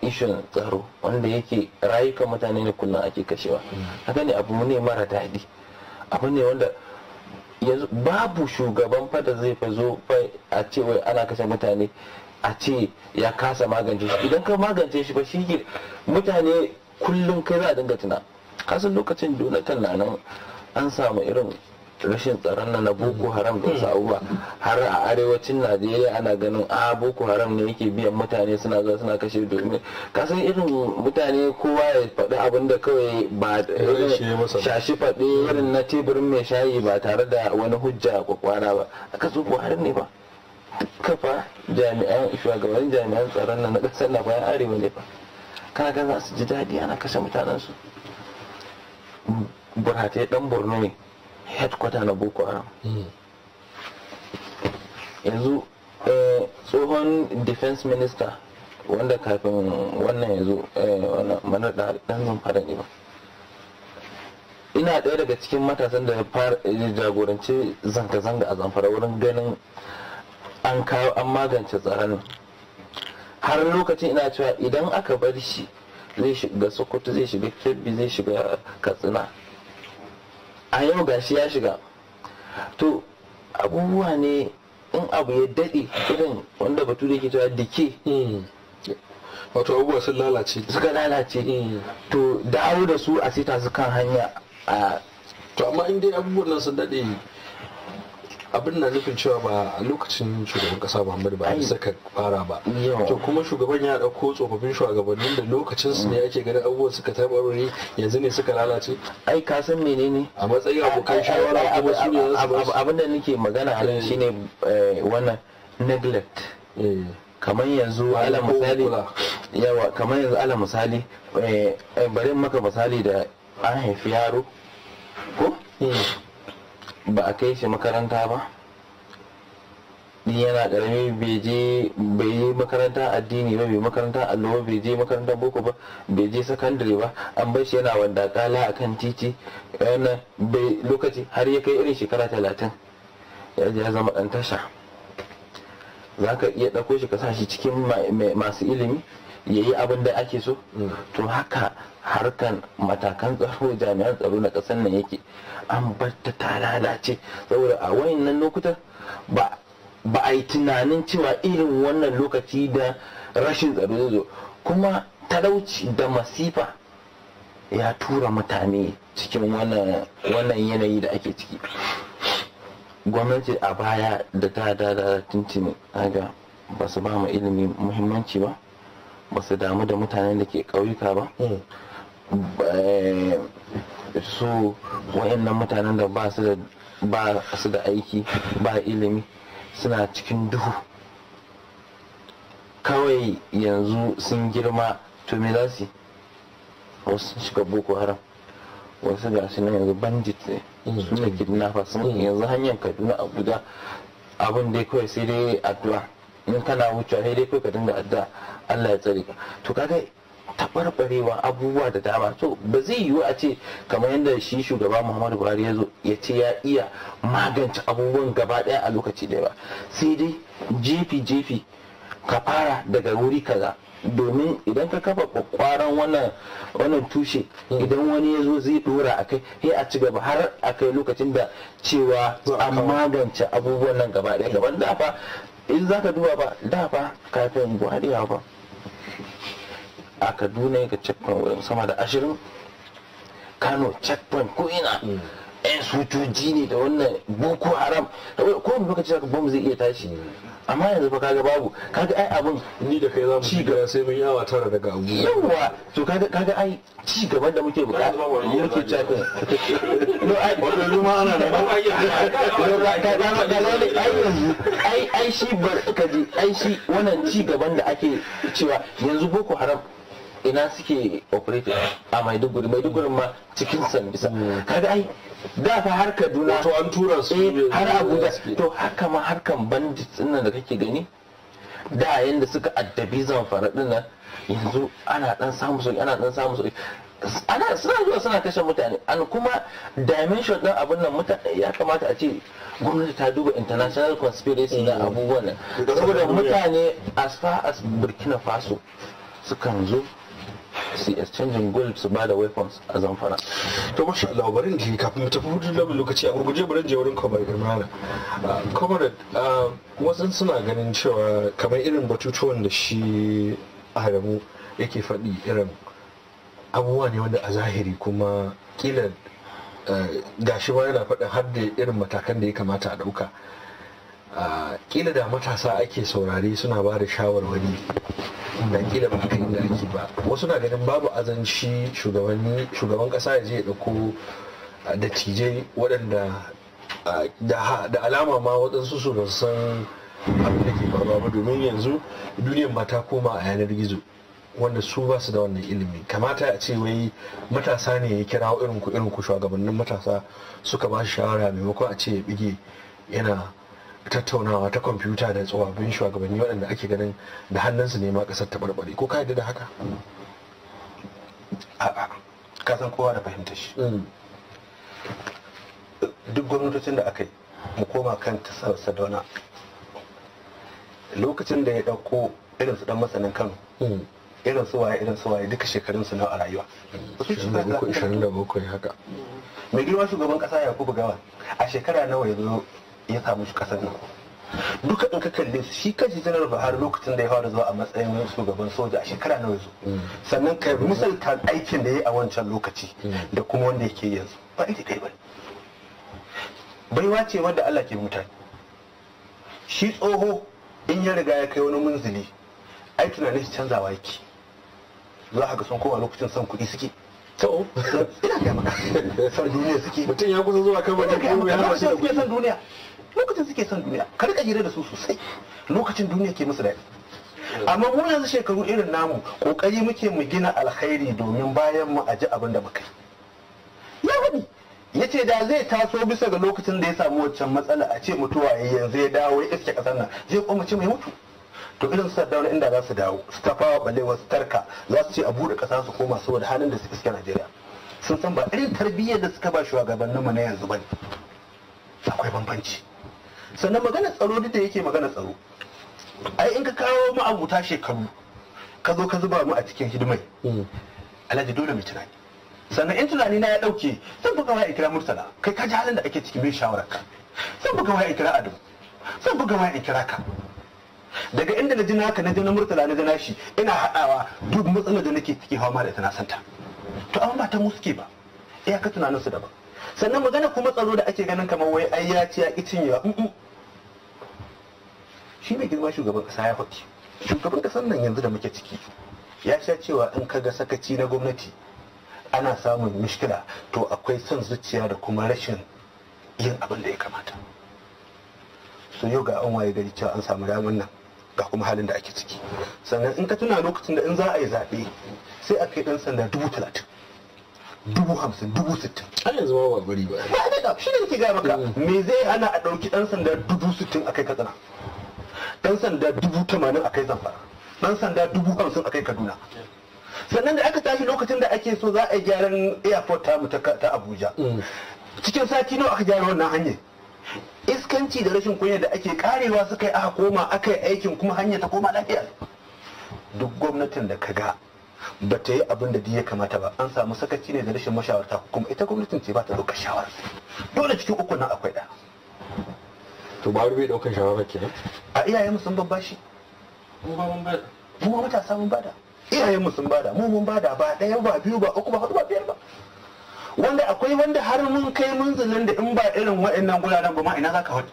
ishin tsaro wanda yake rayuka mutane ne kullum ake kashewa haka ne abu ne mara daɗi abu ne wanda yanzu babu shugaban fada zai fa zo a ce wai ana kashe mutane a ce ya kasa magance shi idan ka magance shi ba shi mutane kullum kai za a dinga tuna kasan lokacin jonathan na nan an samu irin rashin tsaron nan na boko haram da wasu abubuwa har a arewacin najeriya ana ganin a ah, boko haram ne yake biyan mutane suna zuwa suna kashe domin kasan irin mutane kowa ya faɗi abin da kawai ba shashi faɗi irin na teburin mai shayi ba tare da wani hujja kwakwara ba aka su buhari ne ba kafa jami'an shugaban jami'an tsaron na na ƙasar na bayan arewa ne ba kana ga za su ji daɗi ana kashe mutanensu burhatai ɗan borno ne headquarter na boko haram hmm. yanzu eh, tsohon defense minister wanda kafin wannan yanzu eh, mana da dan zamfara ne ba ina ɗaya daga cikin matasan da ya fara jagoranci zanga-zanga a zamfara wurin ganin an kawo an magance tsaron har lokacin ina cewa idan aka bar shi zai shiga sokoto zai shiga kebbi zai shiga katsina a yau gashi ya shiga to abubuwa ne in abu ya daɗe irin wanda batu da ke cewa dike wato abubuwa sun lalace suka lalace mm. to dawo da su a sita su kan hanya a to amma in dai abubuwan nan sun daɗe abin na nufin cewa ba a lokacin shugaban kasa muhammadu buhari saka fara ba to kuma shugaban ya dauko tsofaffin shugabannin da lokacin su ne mm. ake ganin abubuwan suka taɓarɓare yanzu ne suka lalace ai ka san menene a matsayin abokan shawara kuma su ne abin da nake magana a eh. shine eh, wannan neglect eh. kamar yanzu ala misali yawa kamar yanzu ala misali bari maka misali da an haifi yaro ko hmm. ba a kai shi makaranta ba ni yana karami bai bai makaranta addini ba bai makaranta allo bai je makaranta boko ba bai je sakandare ba an bar shi yana wanda kala akan titi wannan bai lokaci har ya kai irin shekara talatin ya je ya zama dan tasha za ka iya ɗauko shi ka sa shi cikin masu ilimi ya yi abin da ake so mm. to haka harkan matakan tsaro jami'an tsaro na ƙasar nan yake an barta ta lalace saboda a wayannan lokutan ba a yi tunanin cewa irin wannan lokaci da rashin tsaro zai kuma talauci da masifa ya tura mutane cikin wannan yanayi da ake ciki gwamnati a baya da ta dada tuntun aga ba su ba mu ilimi muhimmanci ba ba su damu da mutanen da ke ƙauyuka ba mm. eh, su wayannan mutanen da ba su da ba su da aiki ba ilimi suna cikin duhu kawai yanzu sun girma to me za su wasu sun shiga boko haram wasu ga su na yanzu bandit ne su ne kidnapper sun yanzu hanyar kaduna abuja abin dai kawai sai dai addu'a in kana wucewa sai dai kawai ka dinga addu'a allah ya tsare ka to kaga taɓarɓarewa abubuwa da dama so ba zai yiwu a ce kamar yadda shi shugaba muhammadu buhari ya zo ya ce ya iya magance abubuwan gaba ɗaya a lokaci ɗaya ba sai dai jefi jefi ka fara daga wuri kaza domin idan ka kafa kwakwaran wannan tushe idan wani ya zo zai dora a kai sai a ci gaba har a kai lokacin da cewa a magance abubuwan nan gaba ɗaya gaban da fa in za ka duba ba da fa kafin buhari ya ba a kaduna ga checkpoint wurin sama da ashirin kano checkpoint ko ina mm. yan sojoji ne da wannan boko haram ko wani lokaci zaka bom zai iya tashi mm. amma yanzu fa kaga babu kaga ai abin ni da kai zamu ci gaba sai mun yawa tara daga abu yawa to kaga kaga ai ci gaban da muke bukata muke chafe no ai wannan zuma ana da ba ai ka ga da lalle ai yanzu ai ai shi bar kaji ai shi wannan ci gaban da ake cewa yanzu boko haram ina suke operating a maiduguri maiduguri ma cikin bisa hmm. kaga ai da fa har kaduna to an tura su eh, har abuja to haka ma harkan bandits nan da kake gani da yanda suka addabi zamfara din nan yanzu ana dan samu sauki ana dan samu sauki ana suna zuwa suna kashe mutane an kuma dimension din abin nan mutane ya kamata a ce gwamnati ta duba international conspiracy na hmm. abubuwan nan saboda mutane as far as burkina faso sukan zo su exchanging gold su ba da weapons a zamfara to masha Allah barin ji kafin mu tafi hudun lamun lokaci a gurguje barin je wurin kamar imana kamar wasu suna ganin cewa kamar irin batutuwan da shi adamu yake faɗi irin abubuwa ne wanda a zahiri kuma kila uh, gashi ba yana faɗin har da irin matakan da ya kamata a ɗauka kila da matasa ake saurari suna ba da shawarwari da kila ba a inda ake ba wasu na ganin babu azanci shugaban kasa ya je ya dauko dattijai waɗanda da alama ma waɗansu su ba san abin da ke faruwa ba domin yanzu duniyar mata koma a yanar gizo wanda su ba su da wannan ilimi kamata a ce wai matasa ne ya kira irin ku irin ku shugabannin matasa suka ba shi shawara maimakon a ce ya bige yana tattaunawa ta kwamfuta da tsofaffin shugabanni waɗanda ake ganin da hannunsu ne ma ƙasar taɓarɓare ko ka yadda da haka a'a ka san kowa da fahimta shi mm. duk gwamnatocin da aka yi mu koma kan ta sadona lokacin da ya ɗauko irin su ɗan masanin kano mm. irin su waye irin su waye duka shekarun su na a rayuwa haka? mai girma shugaban kasa ya kubu gawa a shekara nawa ya zo ya samu shi kasar nan duka in ka kalle shi kanshi janar buhari lokacin da ya fara zuwa a matsayin wani shugaban soja a shekara nawa zo mm. sannan ka misalta aikin da ya yi a wancan lokaci mm. da kuma wanda yake yanzu ba ita kai ba baiwa ce wanda Allah ke mutane shi tsoho in ya riga ya kai wani munzili ai tunanin shi canzawa yake za ka ga sun kowa lokacin son kuɗi suke to ina kai maka san duniya suke mutum ya kusa zuwa kan wani kuma ya san duniya lokacin suke son duniya ka jira da su sosai lokacin duniya ke musu daɗi amma mu yanzu shekaru irin namu kokari muke mu gina alkhairi domin bayan mu aji abin da muka yi yahudi ya ce da zai taso bisa ga lokacin da ya samu waccan matsala a ce mutuwa ya yanzu ya dawo ya iske kasar nan zai kuma ce mai mutu to irin su sardauna inda za su dawo su tafa wa balewa su tarka za su ce a buɗe ƙasa su koma saboda halin da su iske najeriya sun san ba irin tarbiyyar da suka ba shugabanninmu na yanzu bane akwai bambanci sannan magana tsaro duk da yake magana tsaro ai in ka kawo mu shekaru ka zo ka zuba mu a cikin hidimai hmm. alhaji dole mu tunani sannan in tunani na ya dauke zan buga waya ikira murtala kai ka ji halin da ake ciki bai shawara ka zan buga waya ikira adam zan buga waya ikira ka daga inda na ji naka na ji na murtala na ji na shi ina haɗawa duk matsalar da nake ciki hawa ma da ita na santa to amma ba ta mu ke ba iyaka tunaninsu daban sannan magana kuma tsaro da ake ganin kamar wai ai ya ci ya ki cinyewa shi mai girma shugaban kasa ya faɗi shugaban kasan nan yanzu da muke ciki ya sha cewa in kaga sakaci na gwamnati ana samun mishkila to akwai son zuciya da kuma rashin yin abin da ya kamata so yau ga an waye gari cewa an samu ramin nan ga kuma halin da ake ciki sannan in ka tuna lokacin da in za a yi zaɓe sai a kai ɗan sanda dubu talatin dubu hamsin dubu sittin har yanzu ma ba gari ba ba shi ne ke gaya maka mm. me zai hana a ɗauki ɗan sanda dubu sittin a kai katsina ɗan sanda dubu tamanin a kai zamfara ɗan sanda dubu hamsin a kai kaduna sannan da aka tashi lokacin da ake so za a yi gyaran airport tamu ta abuja mm. cikin sati nawa aka gyara wannan hanyar iskanci da rashin kunya da ake karewa suka yi aka koma aka yi aikin kuma hanya ta koma lafiya duk gwamnatin da ka ga ba ta yi abin da ya kamata ba an samu sakaci ne da rashin mashawarta kuma ita gwamnatin ce ba ta ɗaukar shawara dole cikin uku nan akwai ɗa to ba bai ɗaukar shawara ke a iyayen sun ban bashi mu ba mun bada iyayen sun bada mu mun bada ba ɗaya ba biyu ba uku ba hudu ba biyar ba wanda akwai wanda har mun kai munzulin da in ba irin waɗannan guraren ba ma ina za ka hudu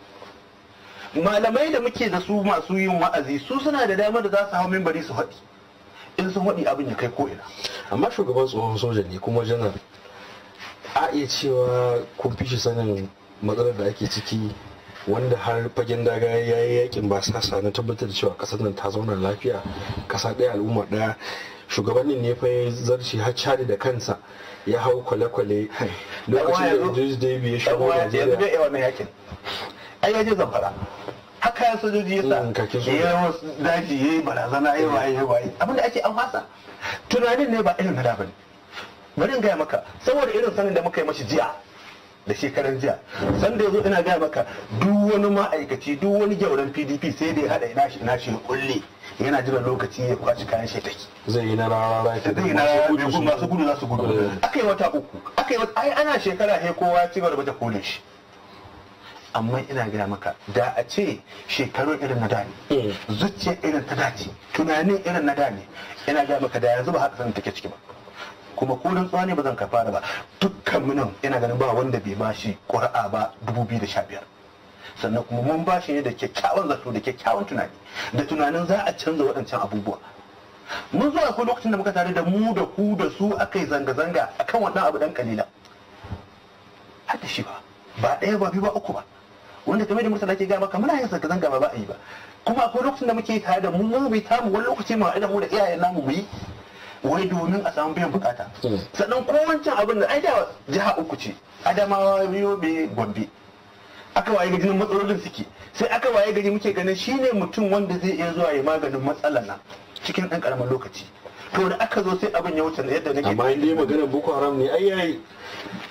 malamai da muke da su masu yin wa'azi su suna da damar da za su hau mimbari su haɗi in sun waɗi abin ya kai ko'ina amma shugaban tsohon soja ne kuma janar a iya cewa kun fi shi sanin matsalar da ake ciki wanda har fagen daga ya yi yakin ba sa na tabbatar cewa kasar nan ta zauna lafiya kasa ɗaya al'umma ɗaya shugabannin ne fa ya zarce har cari da kansa ya hau kwale-kwale lokacin da idris davy ya shigo najeriya ai ya je zamfara haka ya sojoji ya sa ya daji ya yi barazana ya waye ya waye abinda ake an hasa. tunanin ne ba irin na ne. bari in gaya maka saboda irin sanin da muka yi mashi jiya da shekaran jiya sanda ya zo ina gaya maka duk wani ma'aikaci duk wani gyauran pdp sai da ya haɗa ina shi ina shi kulle yana jiran lokaci ya kwaci kayan shetaki zai yi na rara zai yi na rara masu gudu za su gudu eh. aka yi wata uku aka yi wata ai ana shekara he kowa ci gaba da baje shi amma ina gaya maka da a ce shekaru irin na dame, mm. zuciya irin ta dace tunanin irin na dame, ina gaya maka da yanzu ba haka sanin take ciki ba kuma ko rantsuwa ne ba zan kafa ba dukkan minan ina ganin ba wanda bai ba shi ƙura'a ba 2015 sannan kuma mun ba shi ne da kyakkyawan zato da kyakkyawan tunani da tunanin za a canza waɗancan abubuwa mun zo akwai lokacin da muka tare da mu da ku da su aka yi zanga-zanga akan wannan abu dan kalila har shi ba ba ɗaya ba biyu ba uku ba wanda kamar da mursala ke ga maka muna yin zanga zanga ba a yi ba kuma akwai lokacin da muke tare da mu mu bai tamu wani lokaci mu haɗa mu da iyayen namu mu yi wai domin a samu biyan bukata mm. sannan ko wancan abin da ai da jiha uku ce adamawa be gombe aka waye gari matsalolin suke sai aka waye gari muke ganin shine mutum wanda zai iya zuwa ya maganin matsalar nan cikin ɗan ƙaramin lokaci to da aka zo sai abin ya wuce yadda nake amma in maganar magana boko haram ne ai yayi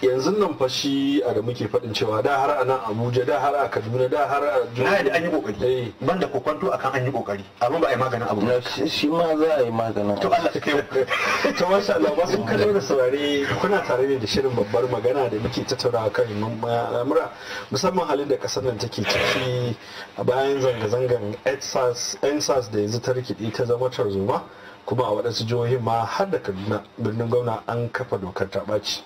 yanzu nan fa shi a da muke faɗin cewa da har a nan Abuja da har a Kaduna da har a Na da an yi kokari eh. ban da kwanto akan an yi kokari abin ba a yi maganin abu shi ma za a yi maganin to Allah ta kai to masha Allah ba sun kallo da saurare kuna tare ne da shirin babbar magana da muke akan kan al'amura musamman halin da kasar nan take ciki bayan zanga-zangan ensas da yanzu ta rikide ta zama tarzoma kuma a waɗansu jihohin ma har da kaduna birnin gwamna an kafa dokar ta ɓaci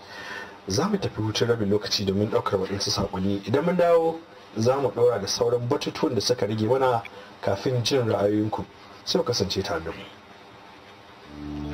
za mu tafi hutun rabin lokaci domin ɗaukar waɗansu saƙonni idan mun dawo za mu ɗaura da sauran batutuwan da suka rage mana kafin jin ra'ayoyinku sai kasance tare da mu.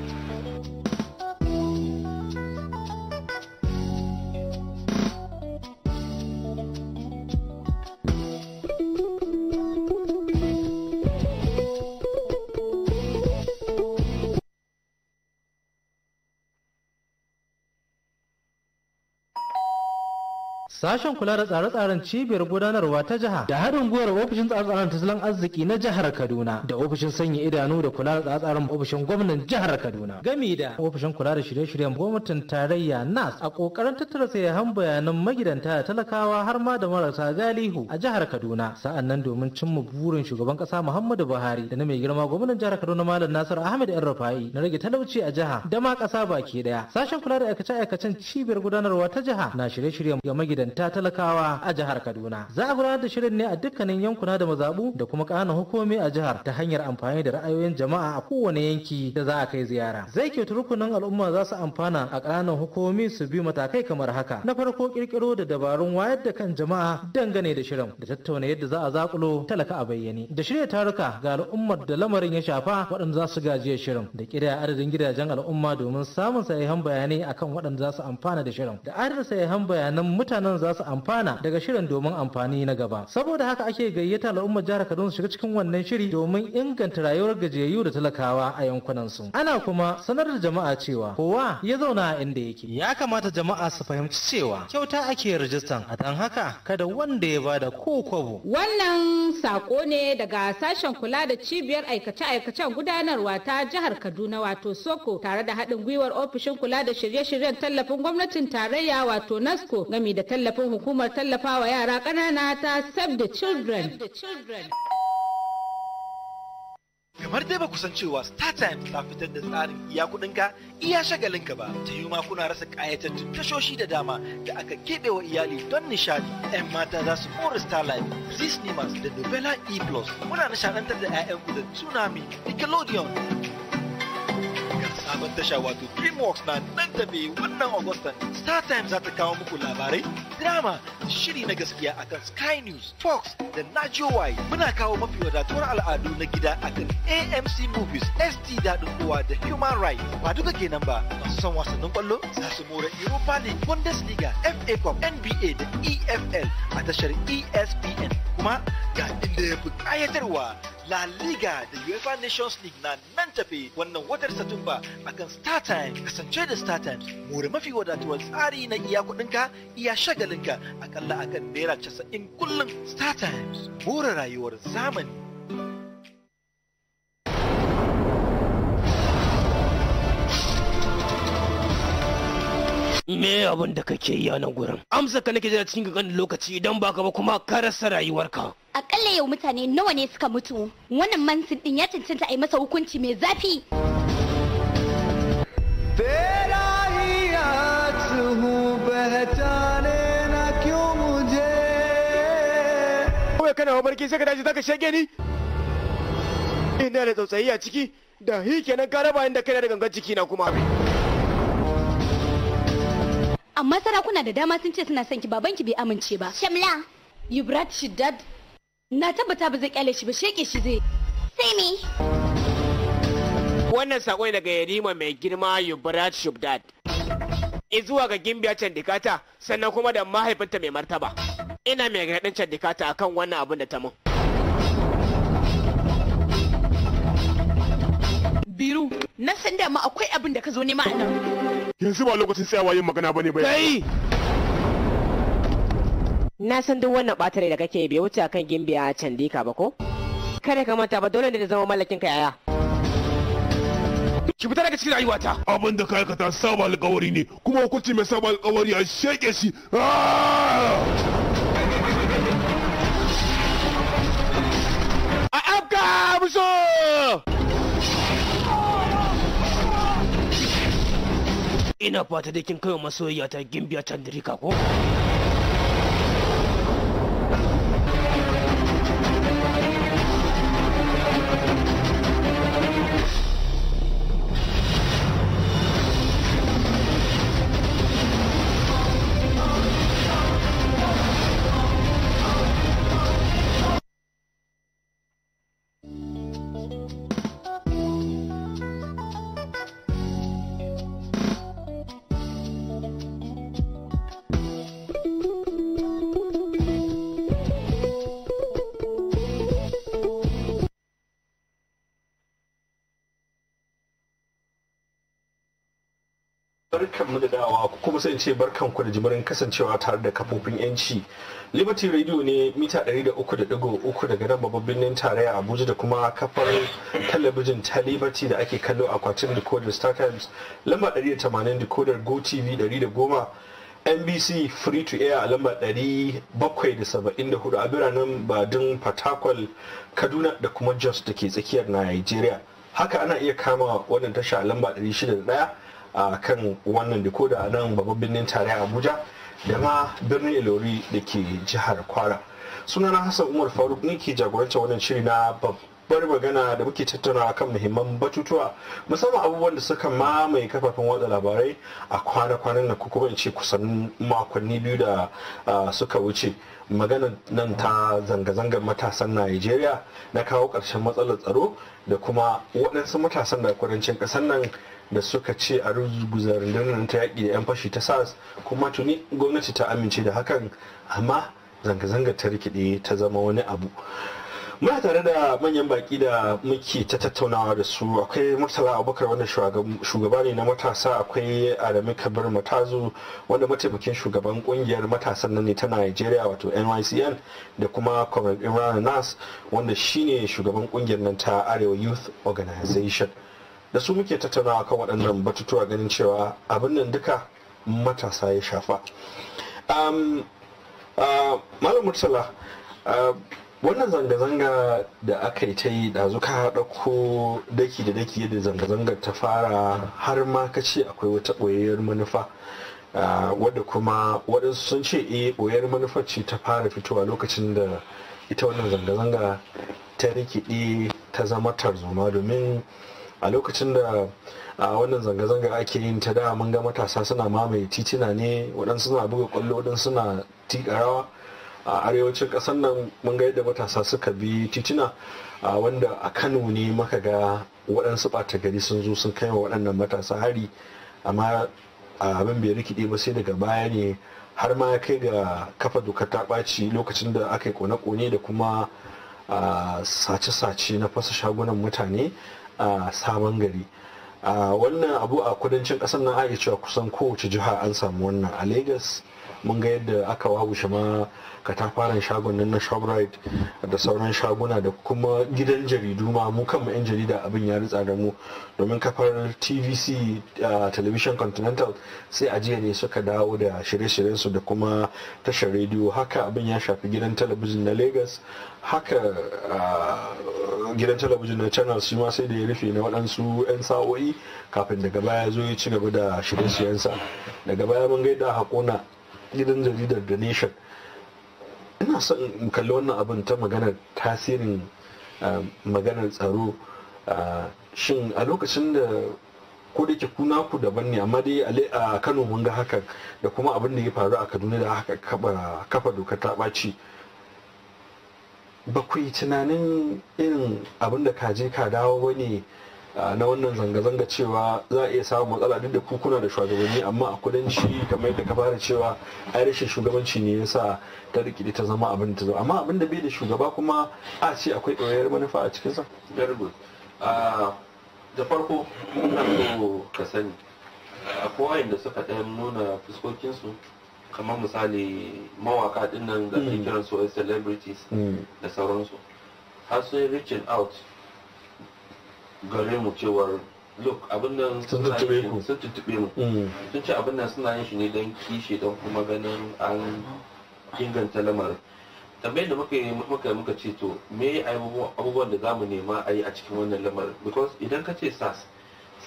Sashen kula da tsare-tsaren cibiyar gudanarwa ta jiha da haɗin gwiwar ofishin tsare-tsaren tattalin arziki na jihar Kaduna da ofishin sanya idanu da kula da tsare-tsaren ofishin gwamnan jihar Kaduna. Gami da ofishin kula da shirye-shiryen gwamnatin tarayya NAS a ƙoƙarin tattara sayayyan bayanan magidanta da talakawa har ma da marasa galihu a jihar Kaduna. Sa'an nan domin cimma burin shugaban ƙasa Muhammadu Buhari da na mai girma gwamnan jihar Kaduna Malam Nasir Ahmed Yar Rufai na rage talauci a jiha da ma ƙasa baki ɗaya. Sashen kula da aikace-aikacen cibiyar gudanarwa ta jiha na shirye-shiryen ga magidanta ta talakawa a jihar Kaduna. Za a gudanar da shirin ne a dukkanin yankuna da mazabu da kuma ƙananan hukumomi a jihar ta hanyar amfani da ra'ayoyin jama'a a kowane yanki da za a kai ziyara. Zai ke rukunin al'umma za su amfana a ƙananan hukumomi su bi matakai kamar haka. Na farko ƙirƙiro da dabarun wayar da kan jama'a dangane da shirin da tattauna yadda za a zakulo talaka a bayyane. Da shirya taruka ga al'ummar da lamarin ya shafa waɗanda za su gajiya shirin da ƙidaya adadin gidajen al'umma domin samun sahihan bayanai akan waɗanda za su amfana da shirin da adadin sahihan bayanan mutanen za su amfana daga shirin domin amfani na gaba saboda haka ake gayyata al'ummar jihar Kaduna su shiga cikin wannan shiri domin inganta rayuwar gajiyayyu da talakawa a yankunan su ana kuma sanar da jama'a cewa kowa ya zauna a inda yake ya kamata jama'a su fahimci cewa kyauta ake rajistan a dan haka kada wanda ya bada ko kwabo wannan sako ne daga sashen kula da cibiyar aikace-aikacen gudanarwa ta jihar Kaduna wato Soko tare da haɗin gwiwar ofishin kula da shirye-shiryen tallafin gwamnatin tarayya wato NASCO gami da tallafin tallafin hukumar tallafawa yara ƙanana ta Save the Children. kamar dai ba kusan cewa star time ta fitar da tsarin iya kuɗinka iya shagalinka ba ta yi ma kuna rasa kayatattun tashoshi da dama da aka keɓe wa iyali don nishaɗi 'yan mata za su more starlight zee cinemas da novella e plus muna nishaɗantar da 'ya'yan da tsunami nickelodeon Idan sabon tasha wato Dreamworks na nan tafi wannan Agustan, Star Times za ta kawo muku labarai, drama, shiri na gaskiya akan Sky News, Fox da Najoy. Muna kawo mafi wadatuwar al'adu na gida akan AMC Movies, ST daɗin kowa da Human Rights. Ba duka kenan ba, masu son wasannin kwallo za su more Europa League, Bundesliga, FA Cup, NBA da EFL a tashar ESPN. Kuma ga inda ya fi ƙayatarwa La Liga da UEFA Nations League na nan tafe wannan watar Satumba akan Star Time kasance da Star Times. More mafi wadatuwar tsari na iya kuɗinka, iya shagalinka akan akalla akan naira casa'in kullum star times rayuwar zamani me abin da kake yi gurin amsa ka nake jira cikin kankanin lokaci idan baka ba kuma ka rasa rayuwarka akalla yau mutane nawa ne suka mutu wannan mansin din ya cancanta a yi masa hukunci mai zafi kana mafarki sai ka tashi zaka shege ni ina da tsautsayi a ciki da hi kenan ka raba inda kai da gangan ciki na kuma amma sarakuna da dama sun ce suna son ki babanki bai amince ba shamla yubrat dad na tabbata ba zai kyale shi ba sheke shi zai sai me wannan sako daga yarima mai girma yubrat dad zuwa ga gimbiya can dikata sannan kuma da mahaifinta mai martaba ina mai gargaɗin caddikata kan wannan abin da ta mun biru na san dama akwai abin da ka zo nema a nan yanzu ba lokacin tsayawa yin magana ne bai kai na san duk wannan batare da kake bai wuce akan gimbi a candika ba ko kada ka manta ba dole ne da zama mallakin ka yaya ki fita daga cikin rayuwata abin da ka aikata saba alƙawari ne kuma hukunci mai saba alƙawari a sheke shi ah! Abgabenso! Ina fata da kin kai masoyiya ta Gimbiya Chandrika ko? kuma sai in ce barkan ku da jimirin kasancewa tare da kafofin yanci liberty radio ne mita 300.3 daga nan babban birnin tarayya abuja da kuma kafar talabijin ta liberty da ake kallo akwatin decoder star times lamba 180 decoder go tv 110 nbc free to air a lamba 774 a biranen badin fatakwal kaduna da kuma jos da ke tsakiyar nigeria haka ana iya kama wannan tasha lamba 601 a kan wannan dekoda a nan babban birnin tarayya abuja da ma birnin ilori da ke jihar kwara sunana hassan umar faruk ne ke jagoranta wannan shiri na babbar magana da muke tattauna kan muhimman batutuwa musamman abubuwan da suka mamaye kafafen watsa labarai a kwana-kwanan na kuma ce kusan makonni biyu da suka wuce maganar nan ta zanga-zangar matasan Najeriya na kawo ƙarshen matsalar tsaro da kuma waɗansu matasan da kudancin ƙasar nan da suka ce a ruguza rundunar ta yaƙi da 'yan fashi ta sars kuma tuni gwamnati ta amince da hakan amma zanga zangar ta rikide ta zama wani abu muna tare da manyan baki da muke ta tattaunawa da su akwai murtala abubakar wanda shugaba ne na matasa akwai adamu kabir matazu wanda mataimakin shugaban kungiyar matasan nan ne ta nigeria wato nycn da kuma comrade imran nas wanda shine shugaban kungiyar nan ta arewa youth organization da su muke tattaunawa kan waɗannan batutuwa ganin cewa abin nan duka matasa ya shafa malam murtala wannan zanga-zanga da aka yi ta yi ɗazu ka ɗauko daki da daki yadda zanga-zangar ta fara har ma ka ce akwai wata ɓoyayyar manufa wadda kuma waɗansu sun ce e ɓoyayyar manufa ce ta fara fitowa lokacin da ita wannan zanga-zanga ta rikide ta zama tarzoma domin a lokacin da a wannan zanga-zanga ake yin ta da mun ga matasa suna mamaye titina ne waɗansu suna buga ƙwallo, waɗansu suna tiƙa a arewacin ƙasar nan mun ga yadda matasa suka bi titina wanda a kano ne maka ga waɗansu ɓata gari sun zo sun kai wa waɗannan matasa hari amma abin bai rikide ba sai daga baya ne har ma ya kai ga kafa dokar ta ɓaci lokacin da aka yi kone-kone da kuma sace-sace na fasa shagunan mutane a sabon gari wannan abu a kudancin ƙasar nan a cewa kusan kowace jiha an samu wannan a lagos mun ga yadda aka ka ma katafaren shagon nan na shoprite da sauran shaguna da kuma gidan jaridu ma mu kanmu 'yan jarida abin ya ritsa da mu domin kafar tvc television continental sai a jiya ne suka dawo da shirye-shiryensu da kuma tashar rediyo haka abin ya shafi gidan talabijin na lagos haka gidan talabijin na channel shi ma sai da ya rufe na waɗansu 'yan sa'o'i kafin daga baya zo ya ci gaba da shirye shiryen sa daga baya mun gaida haƙona gidan jaridar da nation ina son in kalli wannan abin ta maganar tasirin eh, maganar tsaro eh, shin a lokacin da ko da ke kuna ku daban ne amma dai a kano mun ga hakan da kuma abin da ya faru a kaduna da haka kafa dokar ta ɓaci ba ku yi tunanin irin abin da kaje ka dawo wani na wannan zanga-zanga cewa za a iya samun matsala duk da kukuna da shugabanni amma a kudanci kamar yadda ka fara cewa a rashin shugabanci ne yasa ta rikide ta zama abin ta zama amma abin da bai da shugaba kuma a ce akwai ɗoyar manufa a cikinsa da farko ina so ka sani suka ɗan nuna fuskokinsu kamar misali mawaka dinnan da ake mm. kiran su celebrities mm. da sauransu har sun reaching out gare mu cewar look abin nan sun tuntube mu mm. sun ce abin suna yin shi ne don kishi don kuma ganin an inganta lamar tambayin da muka yi muka muka ce to me abubuwan da zamu nema a yi a cikin wannan lamar because idan ka ce sas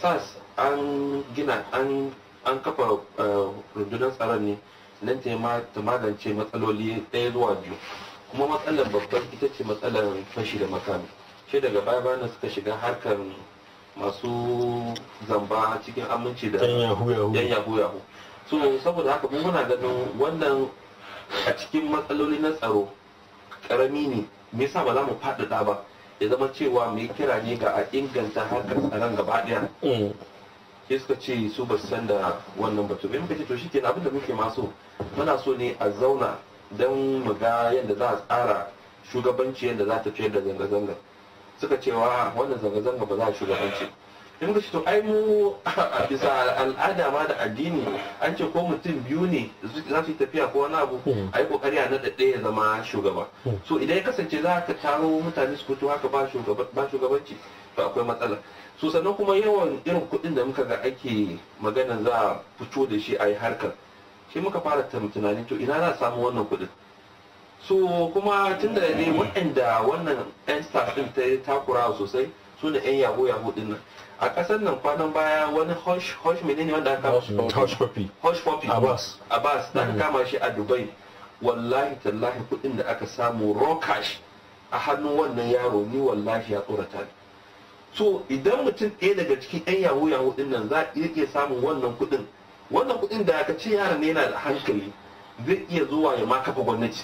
sas an gina an an kafa eh, rundunar tsaron ne nan ta ta magance matsaloli ɗaya zuwa biyu kuma matsalar babbar ita ce matsalar fashi da makami shi daga baya bayan suka shiga harkar masu zamba cikin aminci da yan yahu yahu so saboda haka mun muna ganin wannan a cikin matsaloli na tsaro karami ne me yasa ba za mu faɗaɗa ba ya zama cewa mai kira ne ga a inganta harkar tsaron gaba ɗaya mm. sai suka ce su ba san da wannan batu bai muka ce to shike abin da muke maso muna so ne a zauna don mu ga yadda za a tsara shugabanci yadda za ta fiyar da zanga-zanga suka cewa wannan zanga-zanga ba za a shugabanci in ka to ai mu a bisa al'ada ma da addini an ce ko mutum biyu ne za su yi tafiya ko wani abu ai hmm. kokari a nada ɗaya zama shugaba hmm. so idan ya kasance za ka taro mutane su fito haka ba shugabanci to akwai matsala so sannan kuma yawan irin kuɗin da muka ga ake magana za a fito da shi a yi harkar shi muka fara tunani to ina za a samu wannan kuɗin so kuma tun da ne waɗanda wannan 'yan stars ɗin ta takura sosai su ne 'yan yahoo yahoo din nan a ƙasar nan kwanan baya wani hush hush ne wanda aka hush poppy poppy abbas abbas da aka mm. kama shi a dubai wallahi tallahi kuɗin da aka samu raw a hannun wannan yaro ni wallahi ya tsorata ta so idan mutum ɗaya daga cikin 'yan yahoo yahoo ɗin nan za a iya samun wannan kuɗin wannan kuɗin da aka ce yaron ne yana da hankali zai iya zuwa ya ma kafa gwamnati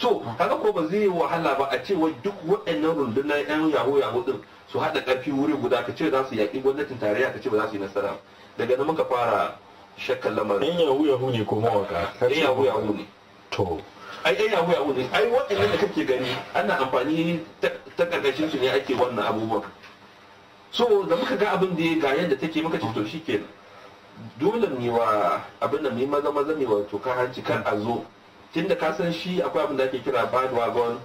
so kaga ko ba zai wahala ba a ce wa duk waɗannan rundunar yan yahoo yahoo din su haɗa ƙarfi wuri guda ka ce za su yaƙi gwamnatin tarayya ka ce ba za su yi nasara daga nan muka fara shakkan lamarin yan yahoo yahoo ne ko mawaka yan yahoo yahoo ne to ai yan yahoo yahoo ne ai waɗannan da kake gani ana amfani ta ƙarƙashin su ne ake wannan abubuwan so da muka ga abin da ga yadda take muka ce to shikenan dole ne wa abin mai maza maza ne wato kan hanci kan a zo tunda da san shi akwai abin da ake kira bad wagon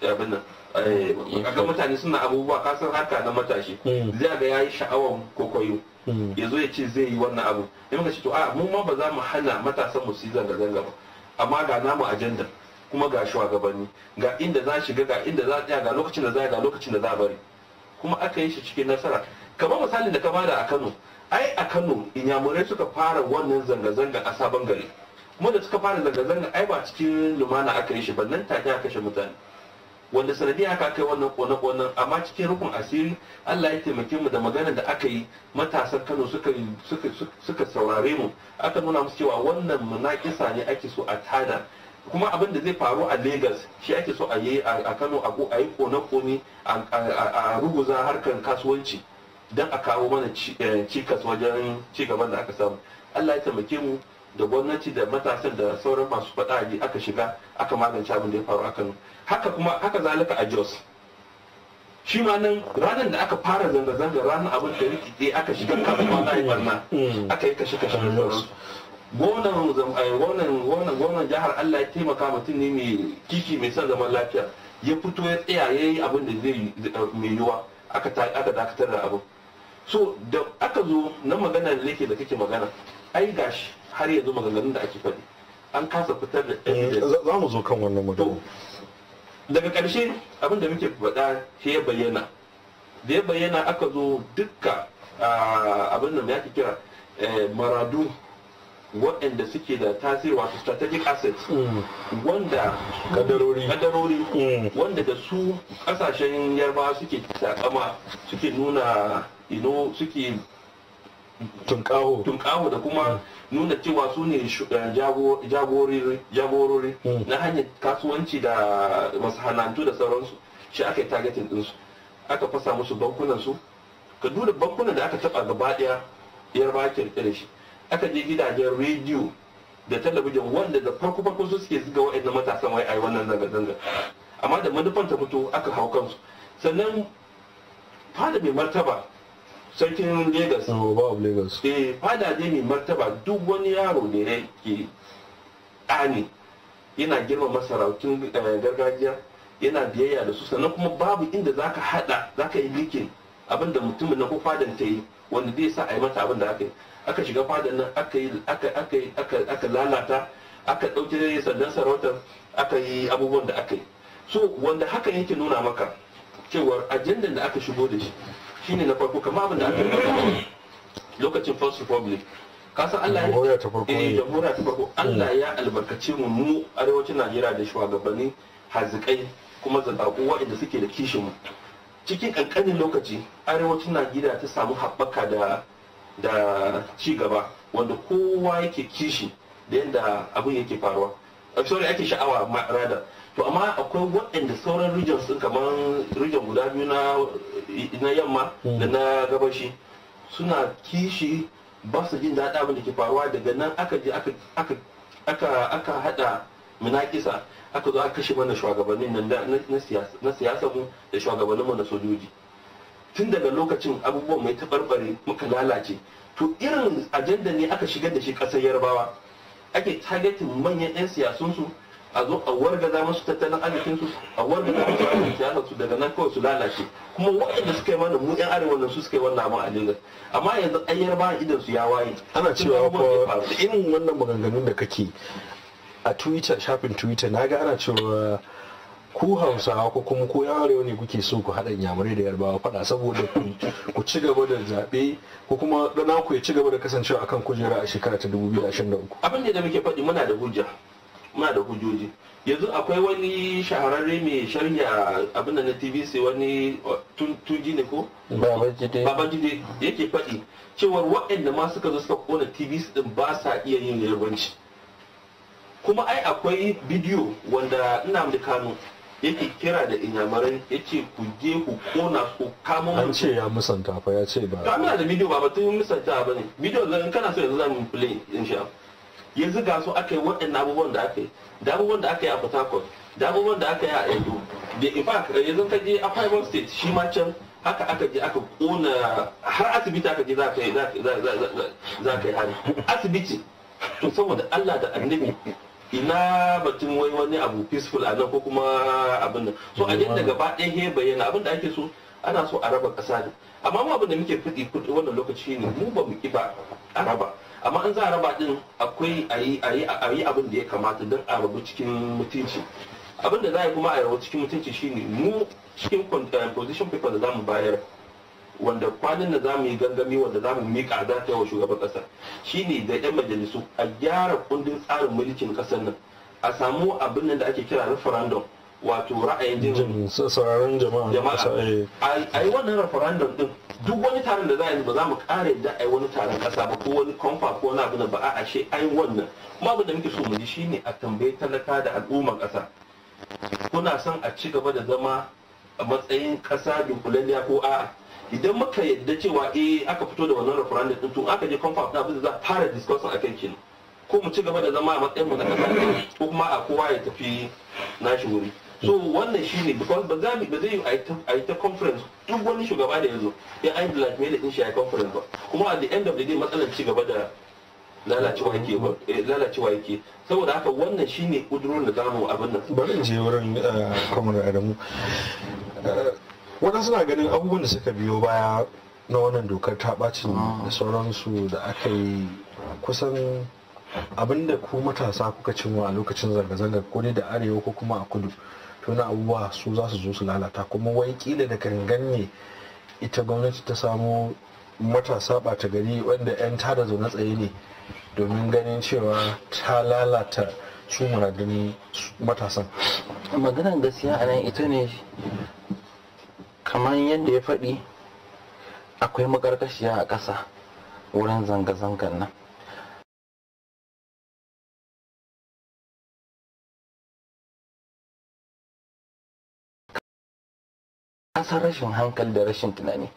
eh, A ga mutane suna abubuwa kasan harka na matashi hmm. zai ga yi sha'awan kokoyo hmm. ya zo ya ce zai yi wannan abu ya muka ce to a mu ma ba za mu hana matasan mu su yi zanga zanga ba amma ga namu ajandar kuma ga shugabanni ga inda za shiga ga inda za tsaya ga lokacin da za ga lokacin da za bari kuma aka yi shi cikin nasara kamar misalin da ka bada a Kano ai a kano inyamurai suka fara wannan zanga-zanga a sabon gari kuma da suka fara zanga-zanga ai ba cikin lumana aka yi shi ba nan take aka kashe mutane wanda sanadiyar haka kai wannan kone kone amma cikin rukun asiri allah ya taimake mu da magana da aka yi matasan kano suka saurare mu aka nuna musu cewa wannan munakisa ne ake so a tada kuma abin da zai faru a lagos shi ake so a yi a kano a yi kone-kone a ruguza harkar kasuwanci don a kawo mana eh, cikas wajen cigaban da aka samu allah ya taimake mu da gwamnati da matasan da sauran masu faɗa aka shiga aka magance abin da ya faru a kano haka kuma haka zalika a jos shi ma nan ranar da aka fara zanga-zanga ranar abin da rikice aka shiga kafin ma yi barna aka yi kashe kashe mm. eh, gwamnan gwamnan gwamnan jihar Allah ya taimaka mutum ne mai kiki mai son zaman lafiya ya fito ya tsaya ya yi abin da zai eh, mai yiwa aka dakatar da abin so da aka zo na da leke da kake magana ai gashi har yanzu maganganun da ake faɗi an kasa fitar da eh, za mu zo kan wannan magana daga ƙarshe abin da muke faɗa shi ya bayyana da ya bayyana aka zo dukka abin da ya kira eh, maradu waɗanda suke da tasiri wato strategic assets hmm. wanda kadarori hmm. wanda da su ƙasashen yarba suke takama suke nuna ino suke tunkaho da kuma mm. nuna cewa su ne eh, jagorori mm. na hanyar kasuwanci da masana'antu da sauransu shi aka yi targetin dinsu aka fasa musu bankunansu ka duda bankunan da aka taba gaba daya baki kirkire shi aka je gidajen rediyo da talabijin wanda da farko farko su suke wa'in na matasan wai ai wannan zanga zanga amma da manufanta ta fito aka hau kansu sannan fada mai martaba sarkin legas. na oba of legas eh fada ne mai martaba duk wani yaro ne ya ke ƙani yana girma masarautun eh, gargajiya yana biyayya da su sannan kuma babu inda zaka hada zaka yi likin abin da mutumin na ko fadan ta yi wanda zai sa a yi mata abin da aka yi aka shiga fadan nan aka yi aka lalata aka ɗauke sannan sarautar aka yi abubuwan da aka yi so wanda hakan yake nuna maka cewar ajandar da aka shigo da shi shine na farko kamar abin da aka yi lokacin first republic kasan Allah ya ta farko eh jamhuriya ta farko Allah ya albarkace mu mu arewacin Najeriya da shugabanni hazikai kuma zakaku waɗanda suke da kishin mu cikin kankanin lokaci arewacin Najeriya ta samu haɓaka da da ci gaba wanda kowa yake kishi da yadda abin yake faruwa sorry ake sha'awa rather to amma akwai waɗanda sauran rijiyar sun kamar rijiyar guda biyu na yamma hmm. da na gabashi suna kishi ba su jin daɗa abin da ke faruwa daga nan aka je aka haɗa minakisa aka zo aka kashe mana shugabannin nan na siyasa mu da shugabannin mu na sojoji tun daga lokacin abubuwan mai taɓarɓare muka lalace to irin ajanda ne aka shigar da shi ƙasar yarbawa ake targetin manyan 'yan siyasunsu a zo a wargaza masu tattalin arzikin su a wargaza masu tattalin siyasarsu su daga nan kawai su lalace kuma waɗanda suka yi mana mu yan arewa nan su suka yi wannan abin a Lagos amma yanzu ayyar ba idan su ya waye ana cewa ko irin wannan maganganun da kake a Twitter shafin Twitter na ga ana cewa ku hausawa ko kuma ko arewa ne kuke so ku haɗa yamurai da yarbawa faɗa saboda ku ci gaba da zaɓe ko kuma ɗana ku ya ci gaba da kasancewa akan kujera a shekara ta 2023 abin da muke faɗi muna da hujja muna da hujjoji yanzu akwai wani shahararre mai sharhi a abin da na TV sai wani oh, tunji ne ko babajide yake faɗi cewar waɗanda ma suka zo suka kona TV din ba sa iya yin yarbanci kuma ai akwai bidiyo wanda ina da kano yake kira da inyamarin, ya ce ku je ku kona ku kama mutum. An ce ya musanta fa ya ce ba. Kamuna da bidiyo ba batun musanta ba ne. Bidiyo zan kana so yanzu za mu play in sha. yanzu ga su aka yi waɗannan abubuwan da aka yi da abubuwan da aka yi a port harcourt da abubuwan da aka yi a edo da ifa yanzu ka je a fiber state shi ma can haka aka je aka kona har asibiti aka je za ka yi hari asibiti to saboda allah da annabi ina batun wai wani abu peaceful a nan ko kuma abin nan so a yadda gaba ɗaya he bayyana abin da ake so ana so a raba ƙasa ne amma mu abin da muke fiɗi wannan lokaci ne mu ba mu ƙi ba a raba amma an za a raba din akwai a yi abin da ya kamata don a rabu cikin mutunci abin da za a yi kuma a rabu cikin mutunci shine mu cikin eh, position paper da za mu bayar wanda kwanan da za mu yi gangami wanda za mu miƙa za ta yawa shugaban ƙasa shine da 'yan majalisu a gyara kundin tsarin mulkin ƙasar nan a samu abin da ake kira referendum wato ra'ayin jirgin jama'a a yi eh. wannan referendum din duk wani taron da za a yi ba za mu kare da a yi wani taron kasa ba ko wani kwamfa ko wani abu da ba a ashe a yi wannan kuma abu da muke so mu ji ne a tambayi talaka da al'ummar kasa kuna son a ci gaba da zama a matsayin kasa dunkulaliya ko a'a idan muka yadda cewa e aka fito da wannan referendum din tun aka je kwamfa na abu da za a fara discussion akan kini ko mu ci gaba da zama a matsayin mu na kasa ko kuma a kowa ya tafi nashi wuri so wannan shi ne because ba za ba zai a yi ta conference duk wani shugaba da ya zo ya an blackmail din shi a conference ba kuma at the end of the day matsalar ci gaba da lalacewa yake ba eh, lalacewa yake saboda haka wannan shi ne kudurin da zamu abin nan bari je wurin kamar eh, Adamu eh, wadansu suna ganin abubuwan da suka biyo baya na wannan dokar ta bacin ah. da sauransu da aka yi kusan abinda ku matasa kuka cimma a lokacin zanga-zangar ko ne da arewa ko kuma a kudu to na abubuwa su za su zo su lalata kuma wai kila da kan ne ita gwamnati ta samu matasa ɓata gari wanda 'yan tada zaune tsaye ne domin ganin cewa ta lalata su muradin matasan maganan gaskiya a nan ita ne kamar yadda ya faɗi akwai makarkashiya a ƙasa wurin zanga-zangan nan ka san rashin hankali da rashin tunani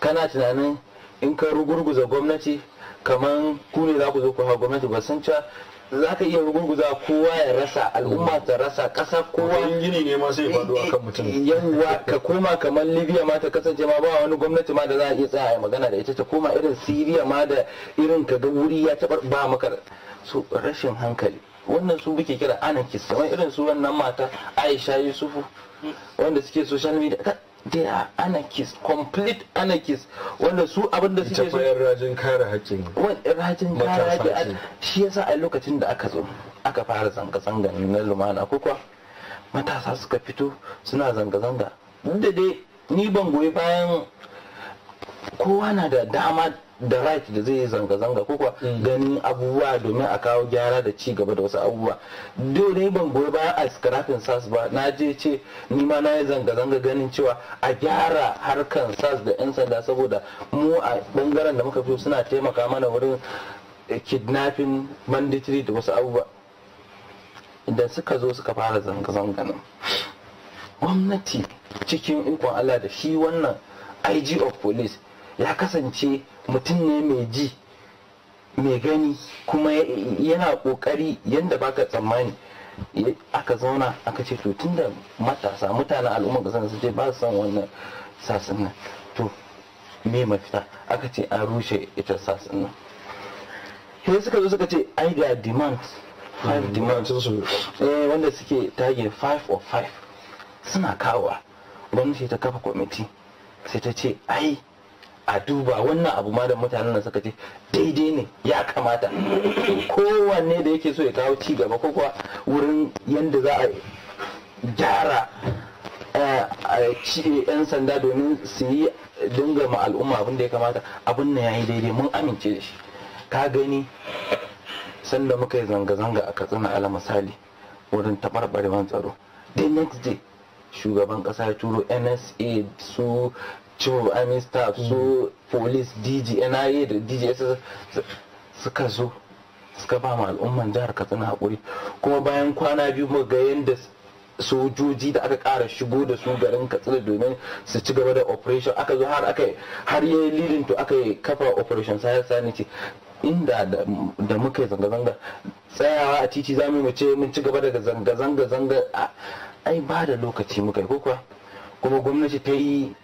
kana tunanin in ka rugurguza gwamnati kamar ku ne za ku zo ku hau gwamnati ba san cewa za ka iya rugurguza kowa ya rasa al'umma ta rasa ƙasa kowa gini ne ma sai faɗo kan mutum eh, eh, yawwa ka koma kamar libya ma ta kasance ma ba wani gwamnati ma da za a iya tsaya a magana da ita ta koma irin siriya ma da irin ka ga wuri ya taɓa ba maka so rashin hankali wannan su muke kira anarchist kamar irin su wannan mata aisha yusufu wanda suke social media they are anarchist complete anarchist wanda su abin da suke so rajin kare haƙƙin rajin kare haƙƙin shi yasa a lokacin da aka zo aka fara zanga-zanga na lumana ko kuwa matasa suka fito suna zanga-zanga duk da dai ni ban goyi bayan kowa na da dama da right da zai yi zanga-zanga ko kuwa mm. ganin abubuwa domin a kawo gyara da ci gaba da wasu abubuwa dole ban goyi ba a scrapping sas ba na je ce ni ma na yi zanga-zanga ganin cewa a gyara harkan sas da 'yan sanda saboda mu a bangaren da muka fi suna taimaka mana wurin eh, kidnapping mandatory da wasu abubuwa da suka zo suka fara zanga-zanga nan gwamnati cikin ikon Allah da shi wannan IG of police ya kasance mutum ne mai ji mai gani kuma yana kokari yadda baka tsammani aka zauna aka ce to tunda matasa mutanen al'umma ga sun ce ba su san wannan sasin nan to me mafita aka ce an rushe ita sasin nan sai suka zo suka ce ai ga demand five hmm, demand eh, wanda suke tage five of five suna kawowa gwamnati ta kafa kwamiti sai ta ce ai a duba wannan abu ma da mutanen nan suka ce daidai ne ya kamata kowanne da yake so ya kawo ci gaba ko kuwa wurin yadda za a gyara eh, yan sanda domin su yi dinga ma al'umma abin da ya kamata abin nan ya yi daidai mun amince da shi ka gani sanda muka yi zanga-zanga a katsina ala misali wurin taɓarɓarewan tsaro the next day shugaban kasa ya turo nsa su ciwo army staff su police dj nia da dj suka zo suka ba ma al'umman jihar katsina haƙuri kuma bayan kwana biyu mu ga yadda sojoji da aka ƙara shigo da su garin katsina domin su ci gaba da operation aka zo har aka har yi lilin to aka kafa operation sayar sanity inda da muka yi zanga-zanga tsayawa a titi za mu ce mun ci gaba daga zanga-zanga zanga ai ba da lokaci muka yi kuwa kuma gwamnati ta yi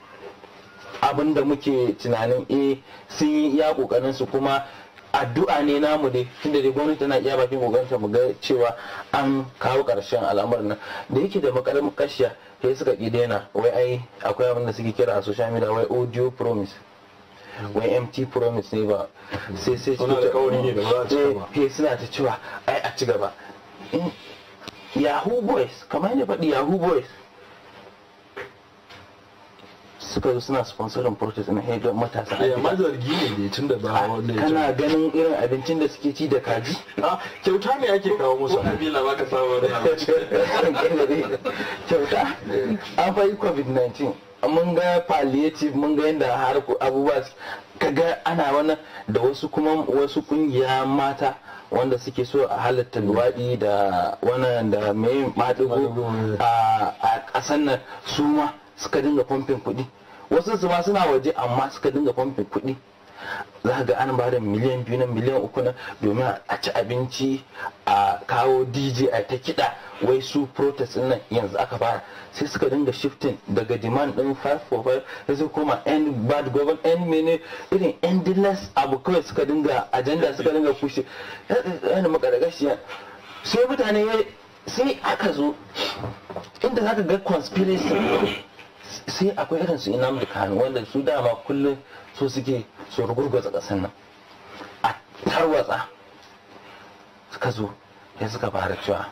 abin da muke tunanin A eh, sun yi iya kokarin su kuma addu'a ne namu dai tunda dai gwamnati tana iya bakin kokarinta mu ga cewa an kawo karshen al'amarin nan da yake da makarin kashiya sai suka ki daina wai ai akwai abin da suke kira a social media wai audio promise wai mt promise ne ba sai sai suna da kawai ne da ba a eh, eh, suna ta cewa ai a ci gaba yahoo boys kamar yadda faɗi yahoo boys suka yi suna sponsorin protest na hega matasa a eh, amma zargi ne ne tun da ba wanda kana ganin irin abincin da suke ci da kaji ah, kyauta ne ake kawo musu abila ba ka samu da kyauta eh. an fa covid-19 mun ga palliative mun ga yadda har abubuwa kaga ana wani da wasu kuma wasu kungiya mata wanda suke so a halatta luwaɗi da wani da mai maɗigo eh. a ƙasan nan su ma suka dinga fomfin kuɗi wasu su ma suna waje amma suka dinga fomfin kuɗi za ga an ba da miliyan biyu na miliyan uku na domin a ci abinci a kawo dj a ta kiɗa wai su protest nan yanzu aka fara sai suka dinga shifting daga demand din 545 for sai su koma end bad govan end mene irin endless abu kawai suka dinga agenda suka dinga kushe eh, yana eh, eh, makarƙashiya sai mutane sai aka zo inda ka ga conspiracy sai akwai irin su inam da kanu wanda su dama kullum so suke so rugurgurza kasan nan a tarwatsa suka zo ya suka fara cewa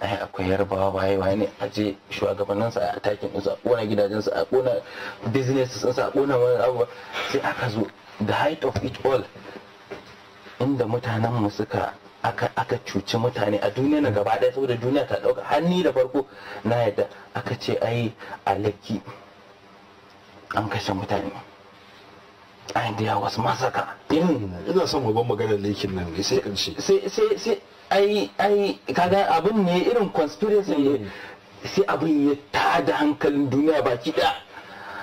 ai akwai yarbawa waye waye ne a je shugabannin sa a takin su a kona gidajen su a kona business sun sa a kona wani abu sai aka zo the height of it all inda mutanen mu suka aka aka cuci mutane a duniya na gaba ɗaya saboda duniya ta ɗauka hannu da farko na yadda aka ce ai a laki an kashe mutane a yadda ya wasu masaka ina son babban magana lekin nan ne sai kanci sai sai sai ai ai kaga abin ne irin conspiracy ne mm. sai abin ya tada hankalin duniya baki ɗaya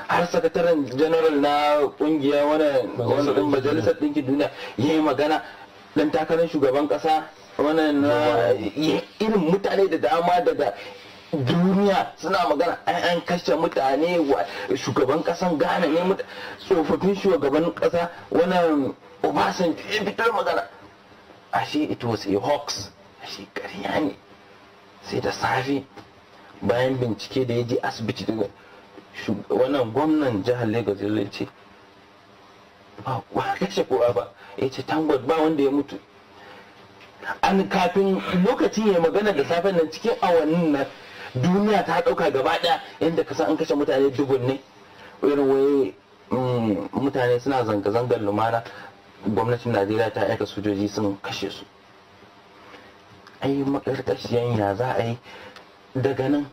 har sakataren general na kungiya wani majalisar ɗinkin duniya ya yi magana dan takarar shugaban kasa wannan irin mutane da dama daga duniya suna magana an an kashe mutane wa shugaban kasan ghana ne tsofaffin shugaban kasa wannan obasan ya fitar magana ashe it was a hoax ashe ƙarya ne sai da safe bayan bincike da ya je asibiti wannan gwamnan jihar lagos ya ce ba kwa kashe kowa ba ya ce ba wanda ya mutu an kafin lokaci ya magana da safen nan cikin awannin nan duniya ta dauka gaba daya inda ka san an kashe mutane dubun ne irin mm, mutane suna zanga-zangar lumana gwamnatin najeriya ta aika sojoji sun kashe su ai makarkashiyan ya za a yi daga nan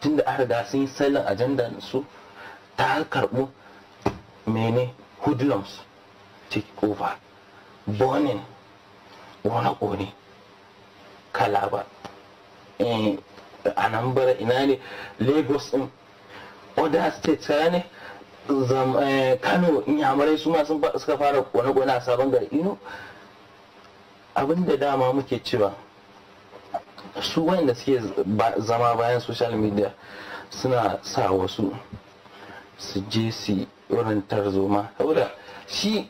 tunda an riga sun yi salin ajandar su ta karɓo mene hoodlums take over burning ƙone-ƙone kalaba eh, bara ina ne lagos din other states ne eh, kano inyamurai su ma suka fara kone-kone a sabon gari ino abinda dama muke cewa su wanda suke zama bayan social media suna sa wasu su je su irin tarzoma saboda shi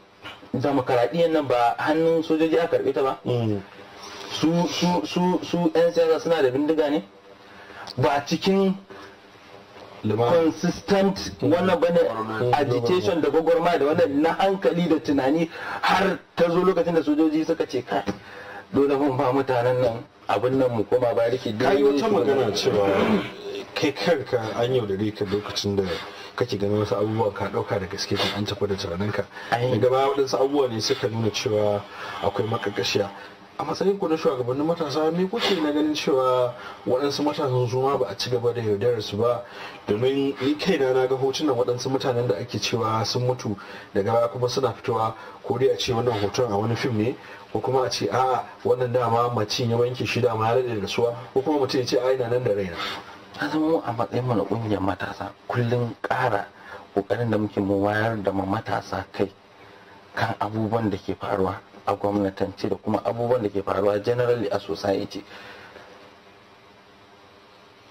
demokaradiyyar nan ba hannun sojoji a karɓe ta ba mm. su 'yan siyasa suna da bindiga ne ba cikin consistent wannan bane agitation da gwagwarma da wannan na hankali da tunani har ta zo lokacin da sojoji suka ce ka dole mun ba mutanen nan abin nan mu koma ba rike kai wata magana cewa kai kanka an yaudare ka lokacin da kake ganin wasu abubuwan ka dauka da gaske kan an tafi da tunaninka daga baya waɗansu abubuwa ne suka nuna cewa akwai makakashiya a matsayin ku na shugabannin matasa ne kuke na ganin cewa waɗansu matasan su ma ba a ci gaba da yaudarar su ba domin ni kaina na ga hotunan waɗansu mutanen da ake cewa sun mutu daga baya kuma suna fitowa ko dai a ce wannan hoton a wani fim ne ko kuma a ce a wannan dama macin ya wanke shi dama ya da rasuwa ko kuma mutum ya ce a ina nan da raina ta zama a matsayin mu na ƙungiyar matasa kullum ƙara ƙoƙarin da muke mu wayar da matasa kai kan abubuwan da ke faruwa a gwamnatance da kuma abubuwan da ke faruwa generally a society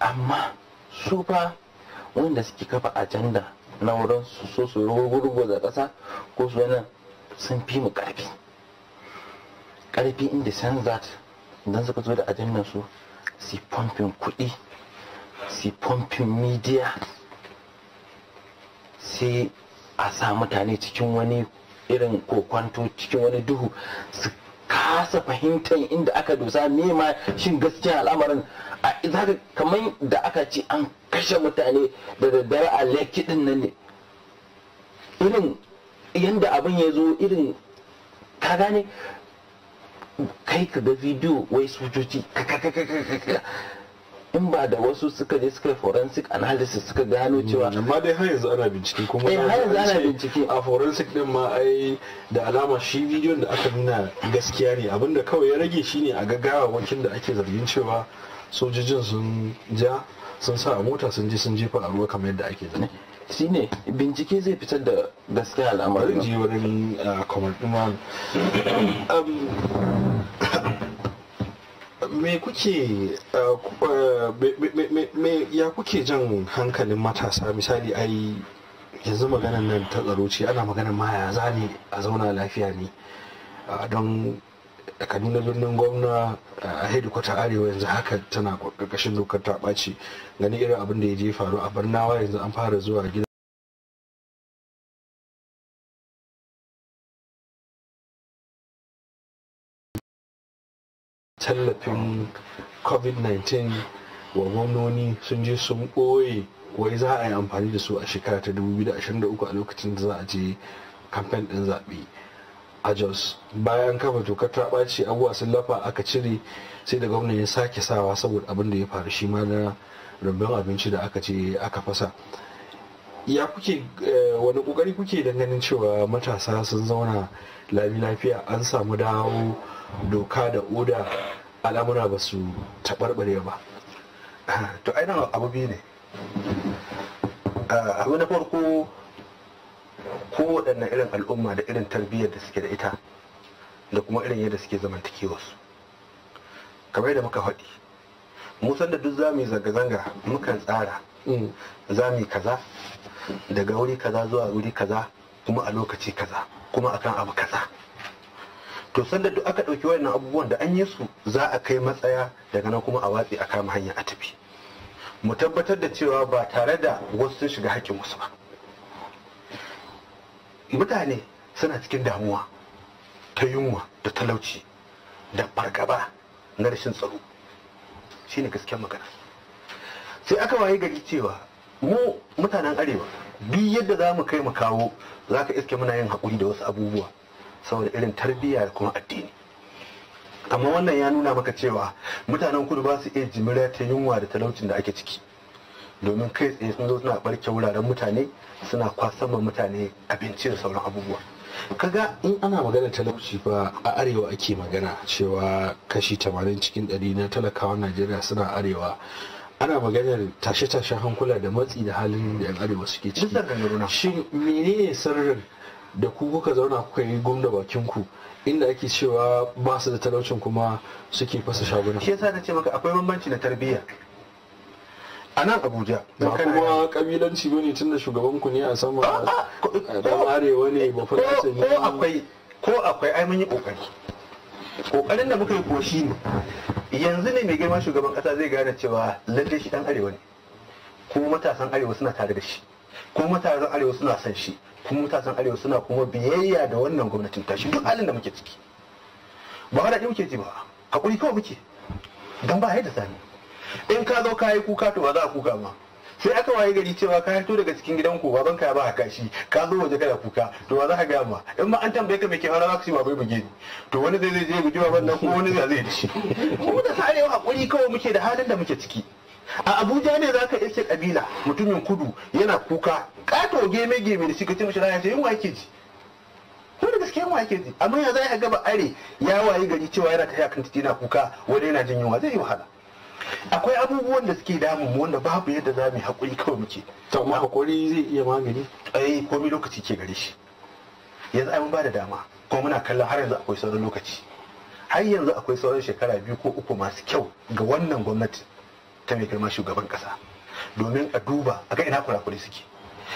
amma su ba wanda suke kafa ajanda na wurin su so su rugurguza ƙasa ko su yana sun fi mu ƙarfi ƙarfi in the sense that idan suka zo da ajandar su su pumping kuɗi su pumping media sai a sa mutane cikin wani irin kokwanto cikin wani duhu su kasa fahimtar inda aka dosa nema shin gaskiya al'amarin a zaka kamar da aka ce an kashe mutane da daddare a din nan ne irin yadda abin ya zo irin ka gane kai ka ga bidiyo wai sojoji ka in ba da wasu suka je suka forensic analysis suka gano hmm, cewa amma dai har yanzu ana bincike kuma eh har yanzu ana bincike a forensic din ma ai da alama shi bidiyon da aka nuna gaskiya ne abinda kawai ya rage shine a gaggawa wakin da ake zargin cewa sojojin sun ja sun sa a mota sun je sun jefa a ruwa kamar yadda ake zane shine bincike zai fitar da gaskiya al'amarin ji wurin kamar ah, me kuke uh, uh, me ya kuke jan hankalin matasa misali ai yanzu maganar nan ta tsaro ce ana maganar ma ya zane a zauna lafiya ne uh, don kaduna birnin gwamna a hedikwata arewa yanzu haka tana karkashin dokar ta ɓaci gani irin abin da ya je faru a barnawa yanzu an fara zuwa gida tallafin covid-19 wa gwamnoni sun je sun ɓoye wai za a yi amfani da su a shekara ta 2023 a lokacin da za a je kamfen ɗin zaɓe a jos bayan kafa tokar ta ɓaci abuwa sun lafa aka cire sai da gwamnan ya sake sawa saboda abin da ya faru shi ma na rubin abinci da aka ce aka fasa ya kuke eh, wani kokari kuke ganin cewa matasa sun zauna lami lafiya an samu dawo doka da oda al'amura ba su taɓarɓare ba to ainihin abu biyu ne ah, abu na farko kowaɗanne irin al'umma da irin tarbiyyar da suke da ita da kuma irin yadda suke zamantakewa su, kamar yadda muka faɗi musan da duk za zanga-zanga mukan tsara mm. za kaza daga wuri kaza zuwa wuri kaza kuma a lokaci kaza kuma akan abu kaza to sanda duk aka ɗauki wayannan abubuwan da an yi su za a kai matsaya daga nan kuma a watsi a kama hanya a tafi mu tabbatar da cewa ba tare da wasu sun shiga haƙƙin wasu ba mutane suna cikin damuwa ta yunwa da talauci da fargaba na rashin tsaro shine gaskiyar magana sai aka waye gari cewa mu mutanen arewa duk yadda za mu kai mu kawo za ka iske muna yin haƙuri da wasu abubuwa saboda irin tarbiyya da kuma addini amma wannan ya nuna maka cewa mutanen kudu ba su iya jimira ta yunwa da talaucin da ake ciki domin kai tsaye sun zo suna barke wuraren mutane suna kwasan ma mutane abinci da sauran abubuwa kaga in ana magana talauci ba a arewa ake magana cewa kashi 80 cikin 100 na talakawan najeriya suna arewa ana maganar tashe-tashen hankula da matsi da halin da yan arewa suke ciki shin menene sirrin da ku kuka zauna kuka yi da bakin ku inda ake cewa ba su da talaucin kuma suke fasa shaguna shi yasa ce maka akwai bambanci na tarbiyya a nan abuja ba kuma kabilanci bane tun da shugaban ku ne a sama dan arewa ne ba fa ko akwai ko akwai ai mun yi kokari kokarin da muka yi ko shi ne yanzu ne mai girman shugaban kasa zai gane cewa lalle shi dan arewa ne kuma matasan arewa suna tare da shi kuma matasan arewa suna son shi kuma mutasan arewa suna kuma biyayya da wannan gwamnatin tashi duk halin da muke ciki ba hada ɗin muke ji ba haƙuri kawai muke don ba haida sani in ka zo ka yi kuka to ba za a kuka ma sai aka waye gari cewa ka fito daga cikin gidan ku baban ka ba haka shi ka zo waje kana kuka to ba za ka ga ma in ma an tambaye ka me ke fara za ka ce babai buge ni to wani zai zai je guje baban nan ko wani zai zai ci mu da sarewa haƙuri kawai muke da halin da muke ciki a abuja ne za ka iske kabila mutumin kudu yana kuka kato geme geme da shi ka mashi rayar sai yunwa ji ko da gaske yin yake ji amma ya za a gaba are ya waye gari cewa yana ta kan titi yana kuka wani yana jin yunwa zai yi wahala akwai abubuwan da suke damun mu wanda babu yadda za mu yi hakuri kawai muke to amma zai iya magani ai eh, komai lokaci ke gare shi yanzu ai ba da dama ko muna kallon har yanzu akwai sauran lokaci har yanzu akwai sauran shekara biyu ko uku masu kyau ga wannan gwamnati ta mai girma shugaban kasa domin a duba a ga ina kurakuri suke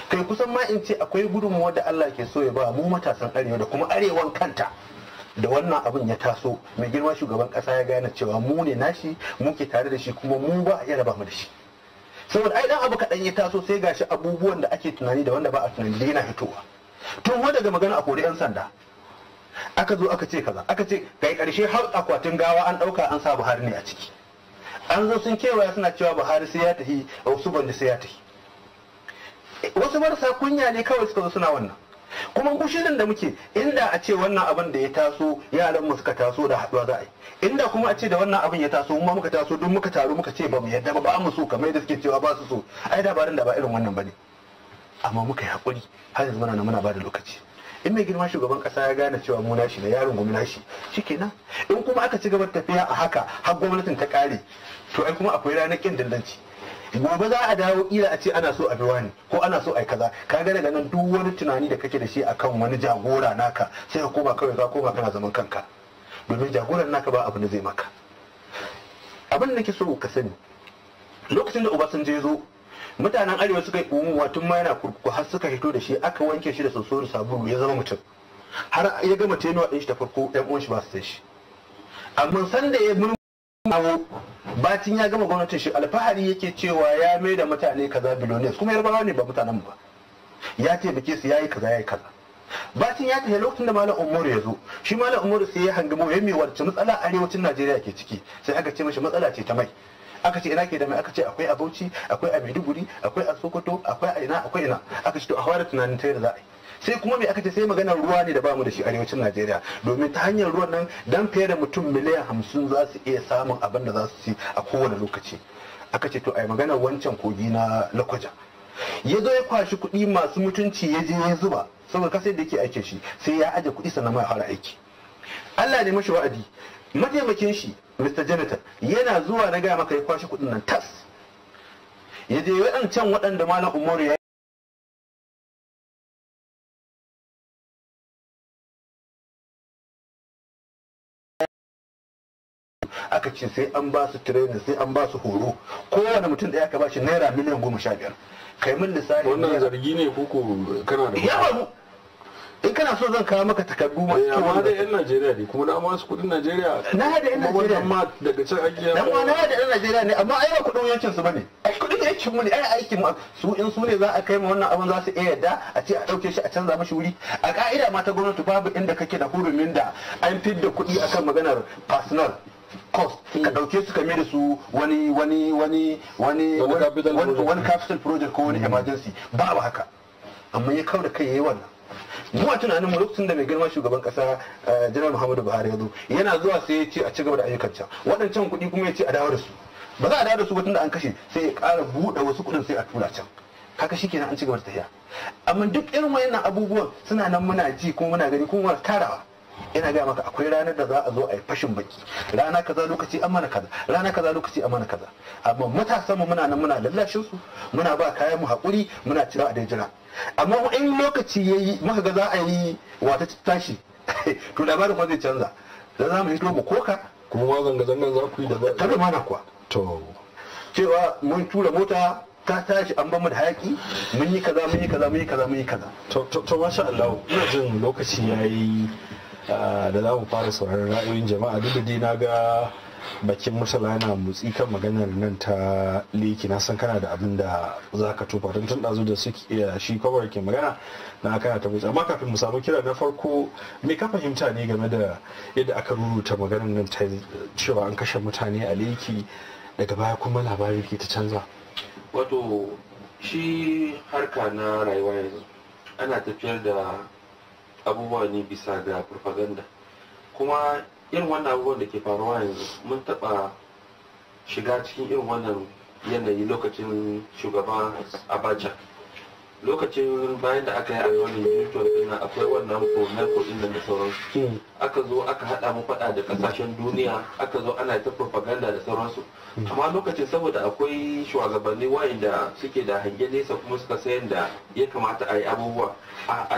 kai kusan ma in ce akwai gudunmuwa da Allah ke so ya ba mu matasan arewa da kuma arewan kanta da wannan abun ya taso mai girma shugaban kasa ya gane cewa mu ne nashi muke tare da shi kuma mu ba a iya raba mu da shi saboda ai dan abu kaɗan ya taso sai gashi abubuwan da ake tunani da wanda ba a tunani da yana fitowa tun wanda daga magana a kori yan sanda aka zo aka ce kaza aka ce kai karshe har akwatin gawa an ɗauka an sa Buhari ne a ciki an zo sun kewaya suna cewa buhari sai ya tafi wasu banda sai ya tafi wasu marasa kunya ne kawai suka zo suna wannan kuma bushirin da muke inda a ce wannan abin da ya taso yaran mu suka taso da haɗuwa za a yi inda kuma a ce da wannan abin ya taso mu muka taso duk muka taru muka ce ba mu yadda ba ba mu so kamar yadda suke cewa ba su so ai dabarin da ba irin wannan bane amma muka yi hakuri har yanzu muna muna ba da lokaci in mai girma shugaban kasa ya gane cewa mu nashi ne ya rungumi nashi shikenan in kuma aka ci gaba tafiya a haka har gwamnatin ta kare to ai kuma akwai ranar kin dandanci gobe za a dawo kila a ce ana so a bi wani ko ana so a yi kaza ka ga daga nan duk wani tunani da kake da shi akan wani jagora naka sai ka koma kawai ka koma kana zaman kanka domin jagoran naka ba abu da zai maka abin da nake so ka sani lokacin da uba sun je zo mutanen arewa suka yi kuma tun ma yana kurkuku har suka fito da shi aka wanke shi da soso sabulu ya zama mutum har ya gama tenuwa ɗin shi ta farko ɗan uwan shi ba su san shi amma san da ya mulmulawo batin ya gama gwamnatin shi alfahari yake cewa ya mai da mutane kaza bilonis kuma yarbawa ne ba mutanen ba ya taimake su ya yi kaza ya yi kaza batin ya tafi lokacin da malam umar ya zo shi malam umar sai ya hangamo ya mai wacce matsala arewacin najeriya ke ciki sai aka ce mashi matsala ce ta mai aka ce ina ke da mai aka ce akwai a Bauchi akwai a Maiduguri akwai a Sokoto akwai a ina akwai ina aka ce to a fara tunanin ta yadda za a yi sai kuma mai aka ce sai maganar ruwa ne da bamu da shi arewacin Najeriya domin ta hanyar ruwan nan dan fiye da mutum miliyan hamsin za su iya samun abin da za su ci a kowane lokaci aka ce to a yi maganar wancan kogi na Lakwaja ya zo ya kwashi kuɗi masu mutunci ya je ya zuba saboda kasar da yake aike shi sai ya aje kuɗi sannan ma ya fara aiki Allah ne mashi wa'adi mataimakin shi Mr. Janitor yana zuwa na gaya maka ya kwashe kuɗin nan tas ya je waɗancan waɗanda malam Umaru ya aka ce sai an ba su training sai an ba su horo kowane mutum ɗaya ka ba shi naira miliyan goma sha biyar kai min lissafi wannan zargi ne koko kana da yawa in kana so zan kawo maka takardu masu eh, kyau amma dai yan Najeriya ne kuma na ma su kudin Najeriya na da yan Najeriya ma daga can ake yawa amma na da yan Najeriya ne amma ai ba kudin yankin su bane ai kudin yankin mu ne ai aikin mu su in su ne za a kai ma wannan abin za su iya yadda a ce a dauke shi a canza mashi wuri a ka'ida ma ta gwamnati babu inda kake da hurumin da an fidda kudi akan maganar personal cost ka dauke su ka mai da su wani wani wani wani wani capital project ko wani emergency babu haka amma ya kawo da kai yayi wannan mu tunanin mu lokacin da mai girma shugaban kasa janar eh, muhammadu buhari ya zo yana zuwa sai ya ce a ci gaba da ayyukan can waɗancan kuɗi kuma ya ce a dawo da su ba za a dawo da su ba tunda an kashe sai ya ƙara buɗe wasu kuɗin sai a tura can kaka shi kenan an ci gaba da tafiya amma duk irin wayannan abubuwan suna nan muna ji kuma muna gani kuma muna tarawa ina gaya maka akwai ranar da za a zo a yi fashin baki rana kaza lokaci an mana kaza rana kaza lokaci an mana kaza amma matasan mu muna nan muna lallashin su muna ba kayan mu hakuri muna cira a dai jira amma in lokaci ya yi muka ga za a yi wata tashi to labarin ma zai canza da za mu to mu koka kuma ma zanga zanga za ku yi da ta mana kuwa to cewa mun tura mota ta tashi an bamu da hayaki mun yi kaza mun yi kaza mun yi kaza mun yi kaza to masha Allah ina jin lokaci yayi ah, da za mu fara sauraron ra'ayoyin jama'a duk da dai na ga bakin murtala yana motsi kan maganar nan ta leki na san kana da abin da za ka tofa don tun ɗazu da eh, shi kawar ke magana na kana ta motsi amma kafin mu samu kira na farko me ka fahimta ne game da yadda aka rubuta maganar nan ta cewa an kashe mutane a leki daga baya kuma labarin ke ta canza wato shi harka na rayuwa yanzu ana tafiyar da abubuwa ne bisa da farfaganda kuma irin wannan abubuwan da ke faruwa yanzu mun taɓa shiga cikin irin wannan yanayi lokacin shugaba abacha lokacin bayan da aka yi a wani yuto na akwai wannan kurnar kudin da sauransu aka zo aka hada mu fada da kasashen duniya aka zo ana ta propaganda da sauransu hmm. amma lokacin saboda akwai shugabanni wayanda suke da hange nesa kuma suka sayan da ya kamata a yi abubuwa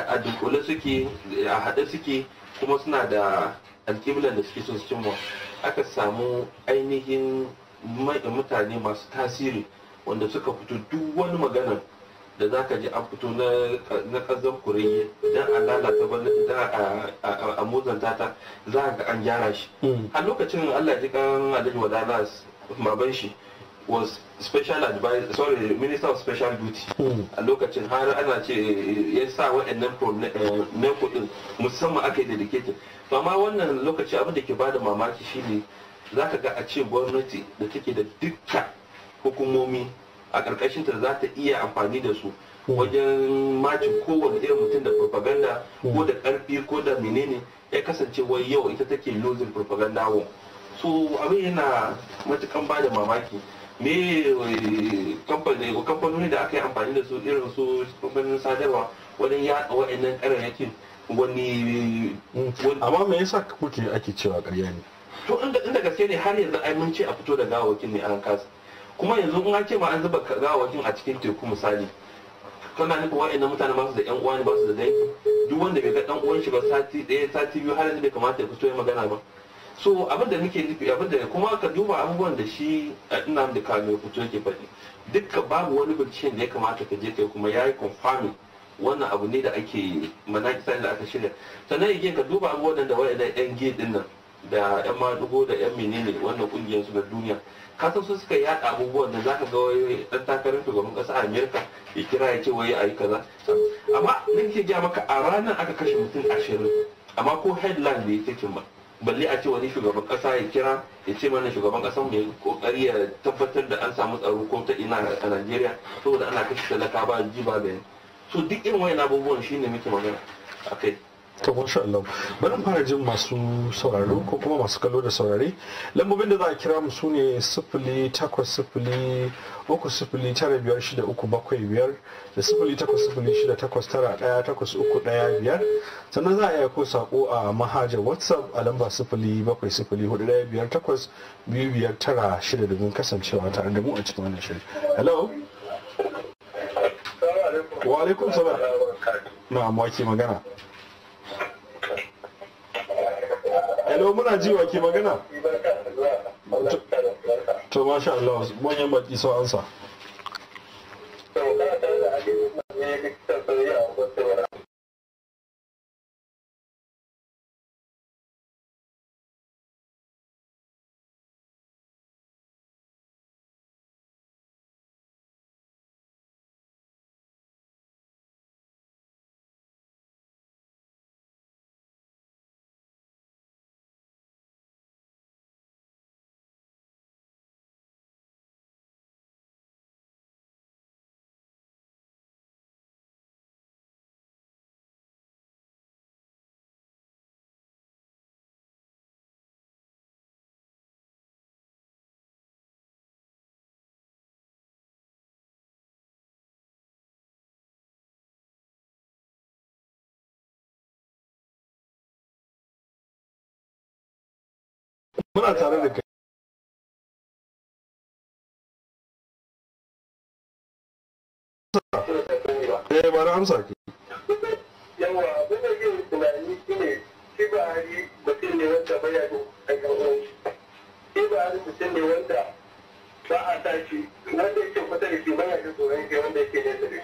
a dunkule suke a haɗe suke kuma suna da alƙiblar da suke so su ma aka samu ainihin mutane masu tasiri wanda suka fito duk wani magana da za ka ji an fito na ƙazan kure don a lalata ba a muzanta ta za ka an gyara shi mm. a lokacin allah ji kan alhaji wadanas shi was special advisor sorry minister of special duty hmm. a lokacin har ana ce ya sa waɗannan eh, na kuɗin musamman aka yi dedicated to amma wannan lokaci abin da ke bada mamaki shine za ka ga a ce gwamnati da take da dukka hukumomi a ta za ta iya amfani da su hmm. wajen macin kowane irin mutum da propaganda ko hmm. da karfi ko da menene ya kasance wai yau ita take losing propaganda wo so abin yana matukan bada mamaki Kamfanin kamfani kamfanoni da aka yi amfani da su irin su kamfanin sadarwa wajen yaɗa wa'annan ƙararrakin wani amma me yasa kuke ake cewa ƙarya ne to inda gaske ne har yanzu ai mun ce a fito da gawawakin ne an kasa kuma yanzu in an ce ma an zuba gawawakin a cikin teku misali kana nufin wa'annan mutane ba su da yan uwa ne ba su da dai duk wanda bai ga dan uwan shi ba sati ɗaya sati biyu har yanzu bai kamata ya fito ya magana ba so abin da muke nufi abin kuma ka duba abubuwan da shi a eh, ina da kame fito ke faɗi dukka babu wani binciken da ya kamata ka je kai kuma ya yi confirming wannan abu ne da ake manakisa da aka shirya sannan yake ka duba abubuwan da waɗannan yan gate din nan da yan madugo da yan menene wannan kungiyar su na duniya kasan su suka yada abubuwan da zaka ga wai dan takarar shugaban kasa amerika ya kira ya ce wai ayi kaza amma nake ga maka a ranar aka kashe mutum ashirin amma ko headline bai yi ba balle a ce wani shugaban kasa ya kira ya ce mana shugaban kasan mai kokari ya tabbatar da an samu tsaro ko ta ina a Najeriya saboda ana kashe talaka ba ji ba da so duk irin wayan abubuwan shine muke magana akai to masha Allah bari fara jin masu sauraro ko kuma masu kallo da saurare lambobin da za a kira mu su ne sifili takwas sifili uku sifili tara biyar shida uku bakwai biyar da sifili takwas sifili shida takwas tara ɗaya takwas uku ɗaya biyar sannan za a iya ko sako a manhajar whatsapp a lamba sifili bakwai sifili hudu ɗaya biyar takwas biyu biyar tara shida domin kasancewa tare da mu a cikin wannan shirin hello wa alaikum salam na wake magana alo muna ji wa ke magana to masha Allah manyan baki iso ansa Muna tare da kai. Eh ba na amsa ki. Yawa abin da zai tunani shi ne shi ba hari mutum ne wanda baya ya a kan Shi ba hari mutum ne wanda ba a sa wanda yake kusa da shi ba ya ji tsoron shi wanda yake nesa da dare.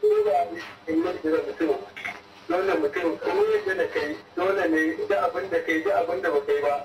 Shi ba hari in yi da mutum dole mutum kuma yadda da kai dole ne da abin da kai da abin da ba kai ba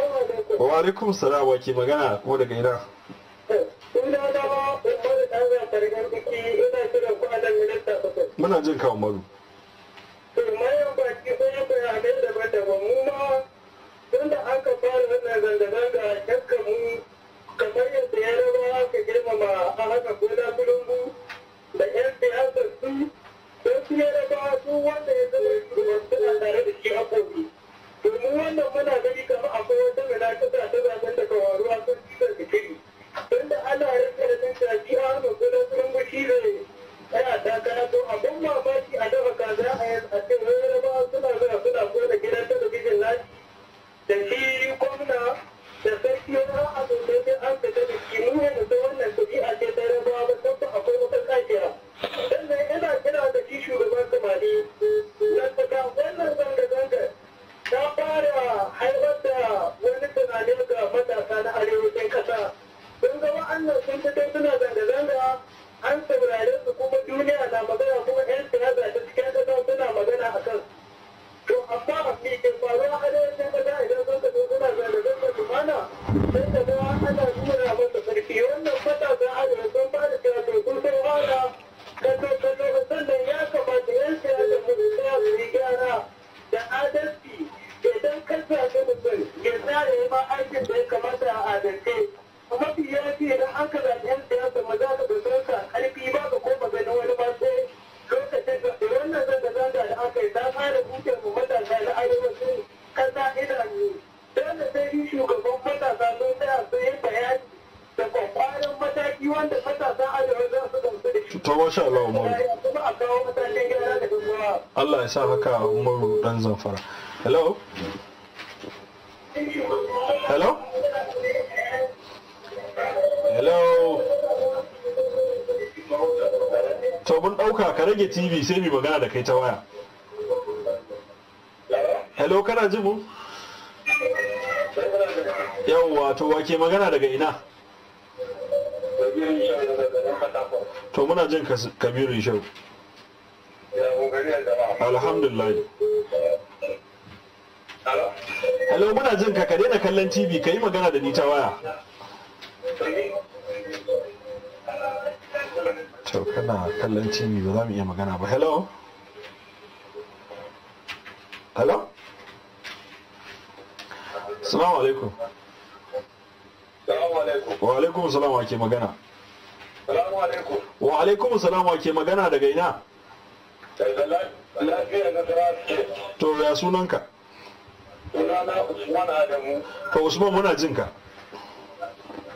wa alaikum salam wa ke magana ko daga ina ina da umar dan zargar biki ina shirin ku anan minista muna jin ka umaru to mayan baki sun yi bayanai daban-daban mu ma tun da aka fara wannan zanga-zanga shakka mu kamar yadda ya raba ka girmama a haka gona bulungu da yan siyasar su don su ya raba su wanda ya zama shugaban suna tare da shi a kofi domin wannan muna gani kama akwai wata munafika ta zaben da kawaruwa sun ci da zikiri tunda ana rike da sun shafi a hannun gudan sun gushi da tsaya takara to abin mamaki a dafa kaza a yanzu a ce wai rabawa suna zuwa suna ko da gidan talabijin na da shi gwamna da sarki ya zama a sosai sai an fita da shi mu yanzu da wannan tabi'a ce ta rabawa ba tabba akwai wata kafiya sannan yana kira da shi shugaban samari na tsaka wannan zanga-zangar ta fara haifar da wani tunanin ga matasa na arewacin ƙasa sun ga wa'annan sun fito suna zanga-zanga an saurare su kuma duniya na magana kuma 'yan siyasa ta cikin ƙasa suna magana a kan to amma a fiye faruwa arewacin ƙasa idan sun fito suna zanga-zanga su mana sai ta ga ana nuna masa sarki wannan matasa arewa sun fara cewa to sun sai wara kallo-kallo sannan ya kamata 'yan siyasa mu su yi gyara da adalci idan ka sami mutum ya tsara ya ba aikin da ya kamata a adalce mafi yawanci idan an ka zaɓi yan siyasa maza ka ga sun ƙarfi ba ka ko ba gani wani ba sai lokacin da wannan zanga-zanga da aka yi ta fara buke mu matasa na arewacin ƙasa idanu dole sai yi shugaban matasa sun tsaya sun yi bayani da kwakwaran mataki wanda matasa arewa za su gamsu da shi. To masha Allah Umaru. Kuma kawo matakin gyara da gaggawa. Allah ya sa haka Umaru dan zamfara. Hello. rage tv sai mu magana da kai ta waya hello kana ji mu yawwa to wake magana daga ina to muna jin kabiru shau alhamdulillah hello muna jin ka ka daina kallon tv ka yi magana da ni ta waya yana kallon cini ba za mu iya magana ba hello hello salamu alaikum wa alaikum salamu ake magana wa alaikum salamu ake magana daga ina to ya sunanka sunana usman adamu ka usman muna jinka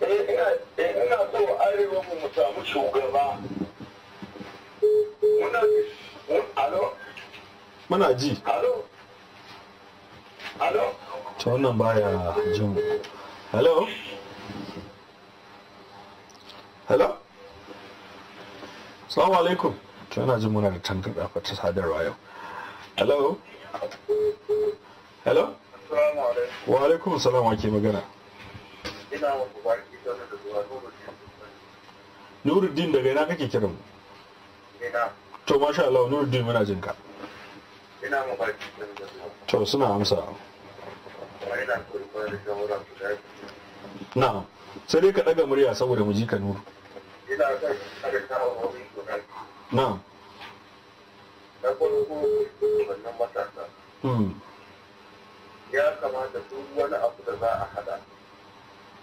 Eh, eh, ina so arewa mu samu shugaba muna alo muna ji alo alo ta wannan baya jin alo alo salamu alaikum to yana jin muna da tangarɗa fa sadarwa yau hello hello wa alaikum salam ke magana ina wa kubarki sanar da zuwa nuruddin nuruddin daga ina kake kiran mu ina to masha Allah nuruddin muna jin ka ina mafarki sanar da zuwa to suna amsa ina kurba da shawara su da na'am sai dai ka daga murya saboda mu ji ka nuru ina son kada ta hawo min guda na'am na farko wannan matasa hmm. ya kamata duk wani abu da za a hada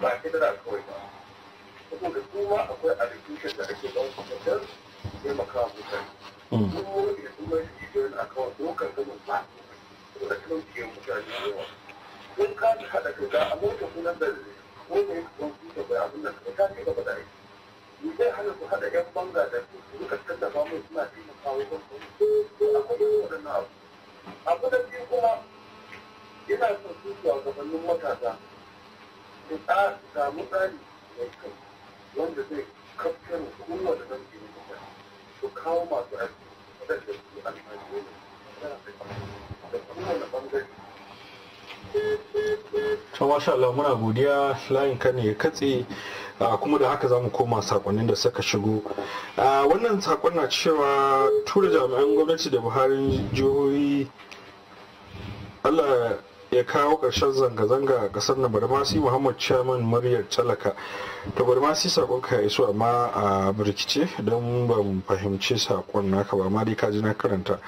ba ke da kawai ba saboda kuma akwai allocation da ake ba su don taimaka wa mutane hmm. kuma wani da kuma jijiyoyin a kawai dokar gama ba saboda talauci ya mutane yawa don ka ji haɗa kai ga mota sunan da wanda ya kuma kuka, da bai abin da ka ta ce gaba da aiki ni zai hana su haɗa ƴan banga da su suka tallafa mai suna taimakawa wa kan akwai irin waɗannan abu abu da biyu kuma Ina son su shugabannin matasa ta samu tsari mai wanda zai kowane su kawo masu aiki waɗanda da kowane ɓangare to masha muna godiya layin ka ne ya katse ah, kuma da haka za koma sakonnin da suka shigo ah, wannan sakon na cewa tura jami'an gwamnati da buharin jihohi Allah ya kawo ƙarshen zanga-zanga a ƙasar na barmasi muhammad chairman muryar talaka to barmasi sakon ka iso amma a birkice don ban fahimci sakon naka ba ma dai ka ji na karanta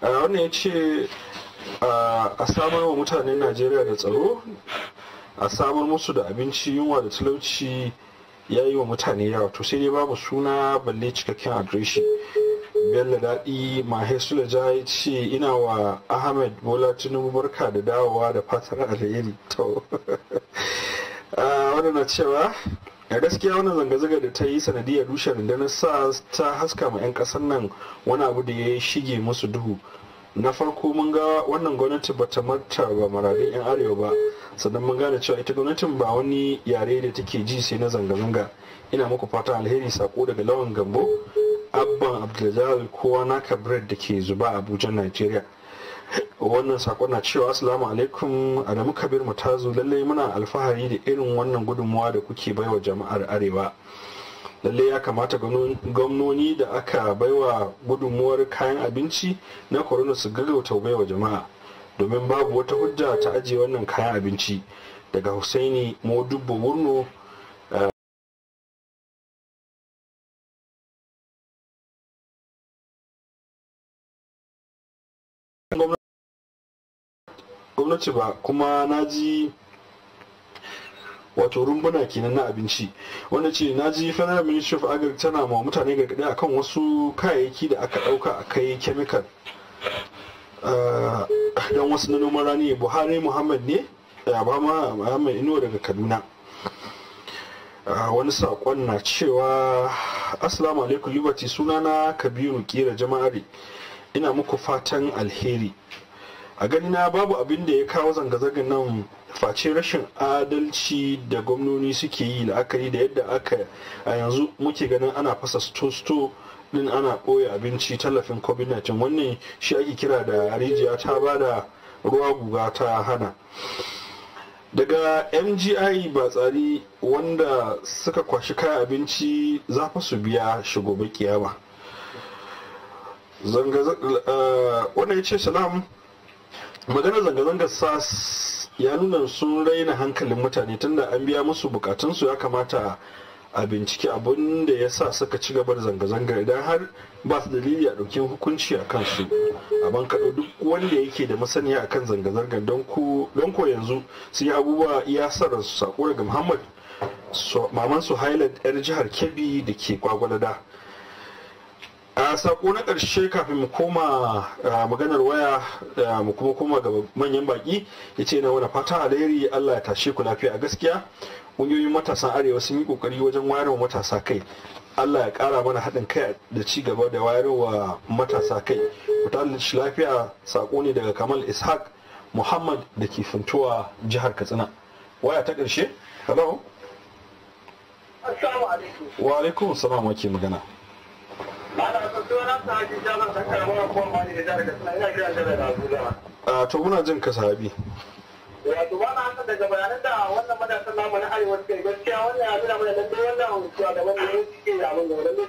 wannan ya ce a samar wa mutanen najeriya da tsaro a samar musu da abinci yunwa da talauci ya yi wa mutane yawa to sai dai babu suna balle cikakken adireshi bello daɗi mahesula ja ya ce ina wa ahmed bola tinubu barka da dawowa da fatar alheri to wani na cewa a gaskiya wannan zanga-zanga da ta yi sanadiyar da rundunar sa ta haska ma 'yan kasar nan wani abu da ya shige musu duhu na farko mun ga wannan gwamnati ba ta marta ba maradin 'yan arewa ba sannan mun gane cewa ita gwamnatin ba wani yare da take ji sai na zanga-zanga ina muku fata alheri sako daga lawan gambo abban abdulzal kowa naka bread da ke zuba a abuja nigeria wannan sakon na cewa asalamu alaikum adamu kabir mutazu lallai muna alfahari da irin wannan gudunmuwa da kuke baiwa jama'ar arewa lallai ya kamata gwamnoni da aka baiwa gudunmuwar kayan abinci na korona su gaggauta baiwa jama'a domin babu wata hujja ta ajiye wannan kayan abinci daga Hussaini modubbo wurno gwamnati ba kuma na ji wato rumbuna kenan na abinci wanda ce na ji federal ministry of agriculture tana ma mutane gargaɗi akan wasu kayayyaki da aka ɗauka a kai chemical ah, don wasu na noman rani buhari muhammad ne eh, ba ma muhammad inuwa daga kaduna ah, wani saƙon na cewa assalamu alaikum liberty sunana kabiru kira jama'ari ina muku fatan alheri a ganina babu abin da ya kawo zanga-zangar nan face rashin adalci da gwamnoni suke yi la'akari da yadda aka a yanzu muke ganin ana fasa sto-sto din ana ɓoye abinci tallafin covid-19 wannan shi ake kira da rijiya ta ba da ruwa guga ta hana daga mgi ba tsari wanda suka kwashi kayan abinci za fa su biya shigo ba. zanga uh, eh, wannan ya ce salam maganar zanga-zangar sas ya nuna sun raina hankalin mutane tunda an biya musu bukatunsu ya kamata a bincike abin da ya sa suka ci gaba da zanga-zangar idan har ba su dalili a ɗauki hukunci a kansu a bankaɗo duk wanda yake da masaniya akan zanga-zangar don ko yanzu su yi abubuwa iya sarar su sako daga muhammad maman su yar jihar kebbi da ke kwagwalada a sako na ƙarshe kafin mu koma maganar waya mu kuma koma ga manyan baki ya ce na wani fata alheri allah ya tashe ku lafiya a gaskiya ƙungiyoyin matasan arewa sun yi ƙoƙari wajen wayar wa matasa kai allah ya ƙara mana haɗin kai da ci gaba da wayar wa matasa kai mutanen shi lafiya sako ne daga kamal ishaq muhammad da ke funtuwa jihar katsina waya ta ƙarshe hello wa alaikum salam wake magana a to muna jin ka sahabi wato ba na haka daga bayanan da wannan matasan namu na arewa gaskiya wannan ya nuna mana wannan ya suke da wannan a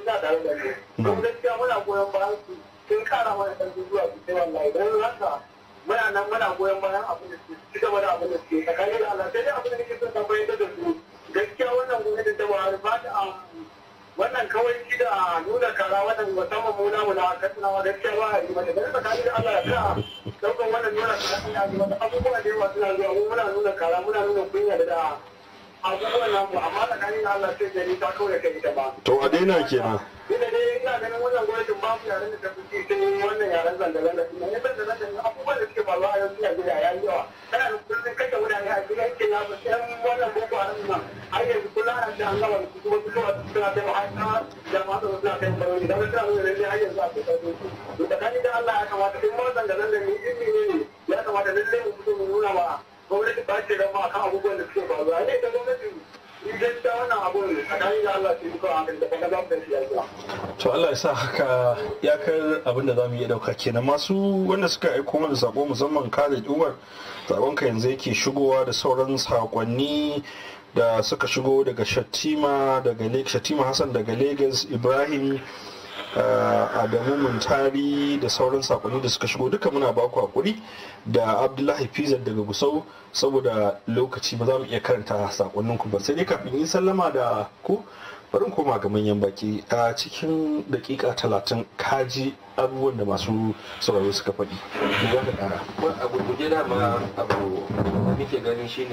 tare da ne kuma gaskiya muna goyon bayan su sun kara mana karfi zuwa su sai wallahi don haka muna nan muna goyon bayan abin da suke ci abin da suke tsakanin Allah sai dai abin da nake son da su gaskiya wannan gwamnati ta wannan kawai shi da nuna kara wannan musamman a muna katsinawa gaskiya ba a yi mata da kari da Allah ya sa daukan wannan nuna kara sun yi mata abubuwa da yawa suna zuwa mu muna nuna kara muna nuna kunya da da, abubuwan namu amma tsakani da Allah sai da ni ta kawai kai ita ba to a daina kenan Ina dai ina ganin wannan gwamnatin ba mu yaren da ta fi yi, wannan yaren zanga-zanga. Ina ne zanga-zanga abubuwan da suke faruwa a yanzu a gida ya yi yawa. Kana da kullum kashe wurare a gida yake na musu ‘yan wannan boko haram nan. Har yanzu kullum a da an gaba da su kuma kullum wasu suna a ma'aikata da masu suna kai barori. Da wasu suna kai yanzu a kai barori. To tsakani da Allah ya kamata in ma zanga-zanga ne ilimi ne ya kamata lallai mu fito mu nuna ma gwamnati ba ce ran ma abubuwan da suke faruwa. Ne da gwamnati to Allah ya sa haka ya abin abinda za mu iya dauka kenan masu wanda suka aiko mana sako musamman kare umar sakonka yanzu yake shigowa da sauran sakonni da suka shigo daga shatima daga shatima hassan daga lagos ibrahim a adamu muntari da sauran sakonni da suka shigo duka muna baku hakuri da abdullahi fizar daga gusau saboda lokaci ba za mu iya karanta sakonnin ku ba sai dai kafin yin sallama da ku bari koma ga manyan baki a cikin dakika talatin kaji abubuwan da masu sauraro suka faɗi za ka a gurguje dama abu da muke ganin shine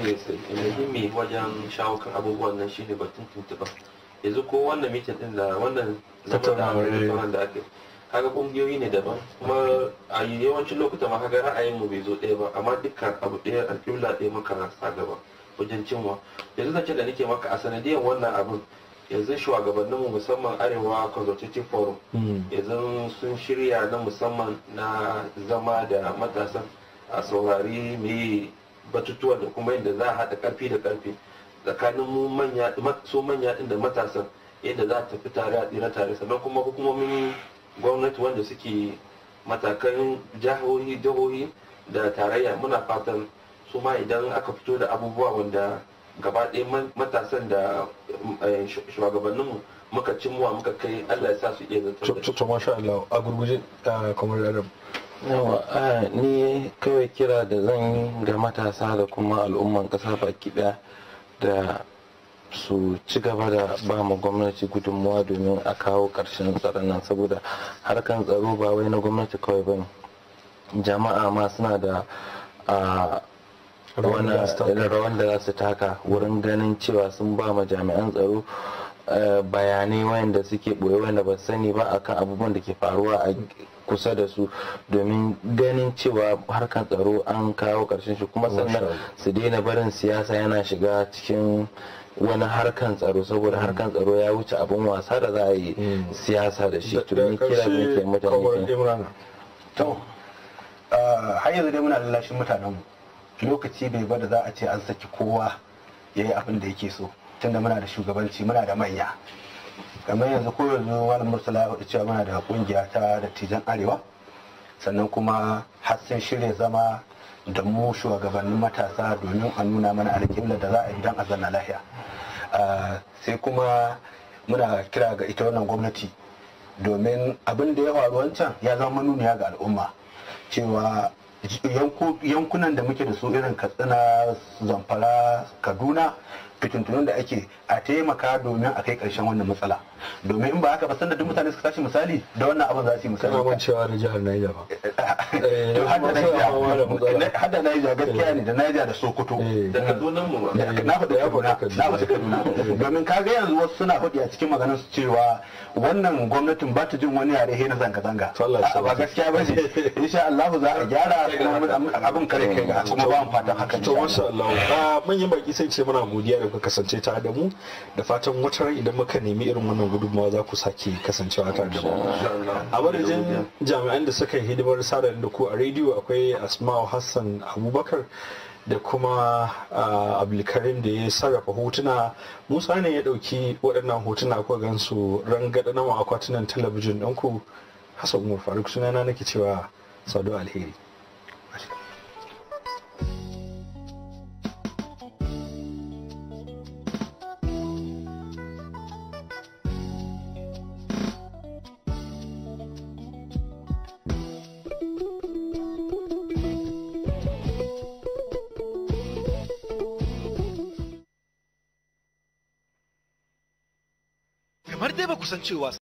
muhimmi wajen shawo kan abubuwan nan shine batun yanzu ko wannan mitin din da wannan tattaunawar da da eh. ake kaga kungiyoyi ne daban kuma a yawancin lokuta ma kaga ra'ayin mu bai zo ɗaya ba amma dukkan abu ɗaya alƙibla ɗaya maka sa gaba wajen cinwa yanzu ce da nake maka a sanadiyar wannan abin yanzu shugabannin mu musamman arewa consultative forum hmm. yanzu sun shirya na musamman na zama da matasan a saurari mai batutuwa da kuma yadda za a haɗa ƙarfi da ƙarfi tsakanin mu manya su manya ɗin da matasan yadda za ta fi tare a tsira tare sannan kuma hukumomin gwamnati wanda suke matakan jahohi jahohi da tarayya muna fatan su ma idan aka fito da abubuwa wanda gaba ɗaya matasan da eh, shugabanninmu muka cimuwa muka kai allah ya sa su iya zartar da shi. a gurguje kamar adam yawa ni kawai kira da zan yi ga matasa da kuma al'umman ƙasa baki ɗaya da su ci gaba da ba mu gwamnati gudunmuwa domin a kawo ƙarshen tsaron nan saboda harkan tsaro ba wai na gwamnati kawai ba jama'a ma suna da rawan da za su taka wurin ganin cewa sun ba ma jami'an tsaro eh, bayanai wayanda suke boye wayanda ba sani ba akan abubuwan da ke faruwa a kusa da su domin ganin cewa harkar tsaro an kawo ƙarshen shi kuma sannan su daina barin siyasa yana shiga cikin wani harkan tsaro saboda harkan tsaro ya wuce abin wasa da za a yi hmm. siyasa da shi to kira ne ke mutane to ah, har yanzu dai muna lalashin mutanenmu lokaci bai ba da za a ce an saki kowa ya yi abin da yake so tunda muna da shugabanci muna da manya kamar yanzu ko yanzu wani murtala ya faɗi cewa muna da kungiya ta dattijan arewa sannan kuma har sun shirya zama da mu shugabannin matasa domin a nuna mana alƙibla da za a idan a zana lahiya ah, sai kuma muna kira ga ita wannan gwamnati domin abin da ya faru wancan ya zama nuniya ga al'umma cewa yankunan da muke da su irin katsina zamfara kaduna fitintunan da ake a taimaka domin a kai ƙarshen wannan matsala domin in ba haka ba sanda duk mutane suka tashi misali da wannan abin za su yi misali kana cewa da jihar Niger ba eh, to hadda eh, Niger gaskiya ne da Niger da Sokoto eh. da Kaduna mu na faɗi ya fara na ka Kaduna domin kaga yanzu wasu suna fadi a cikin maganar su cewa wannan gwamnatin ba ta jin wani yare he na zanga zanga ba gaskiya ba ce insha Allah za a gyara abin kare kai ga kuma ba mu fatan haka to masha Allah ah, mun yi baki sai ce muna godiya da kuka kasance tare da mu da fatan wata idan muka nemi irin wannan gudunmawa za ku sake kasancewa tare da mu a madadin jami'an da suka yi hidimar sada da ku a rediyo akwai asma'u hassan abubakar da kuma abdulkarim da ya sarrafa hotuna musa ne ya ɗauki waɗannan hotuna ko gansu rangada na akwatunan talabijin ɗinku hassan umar faruk sunana nake cewa sadu alheri to us.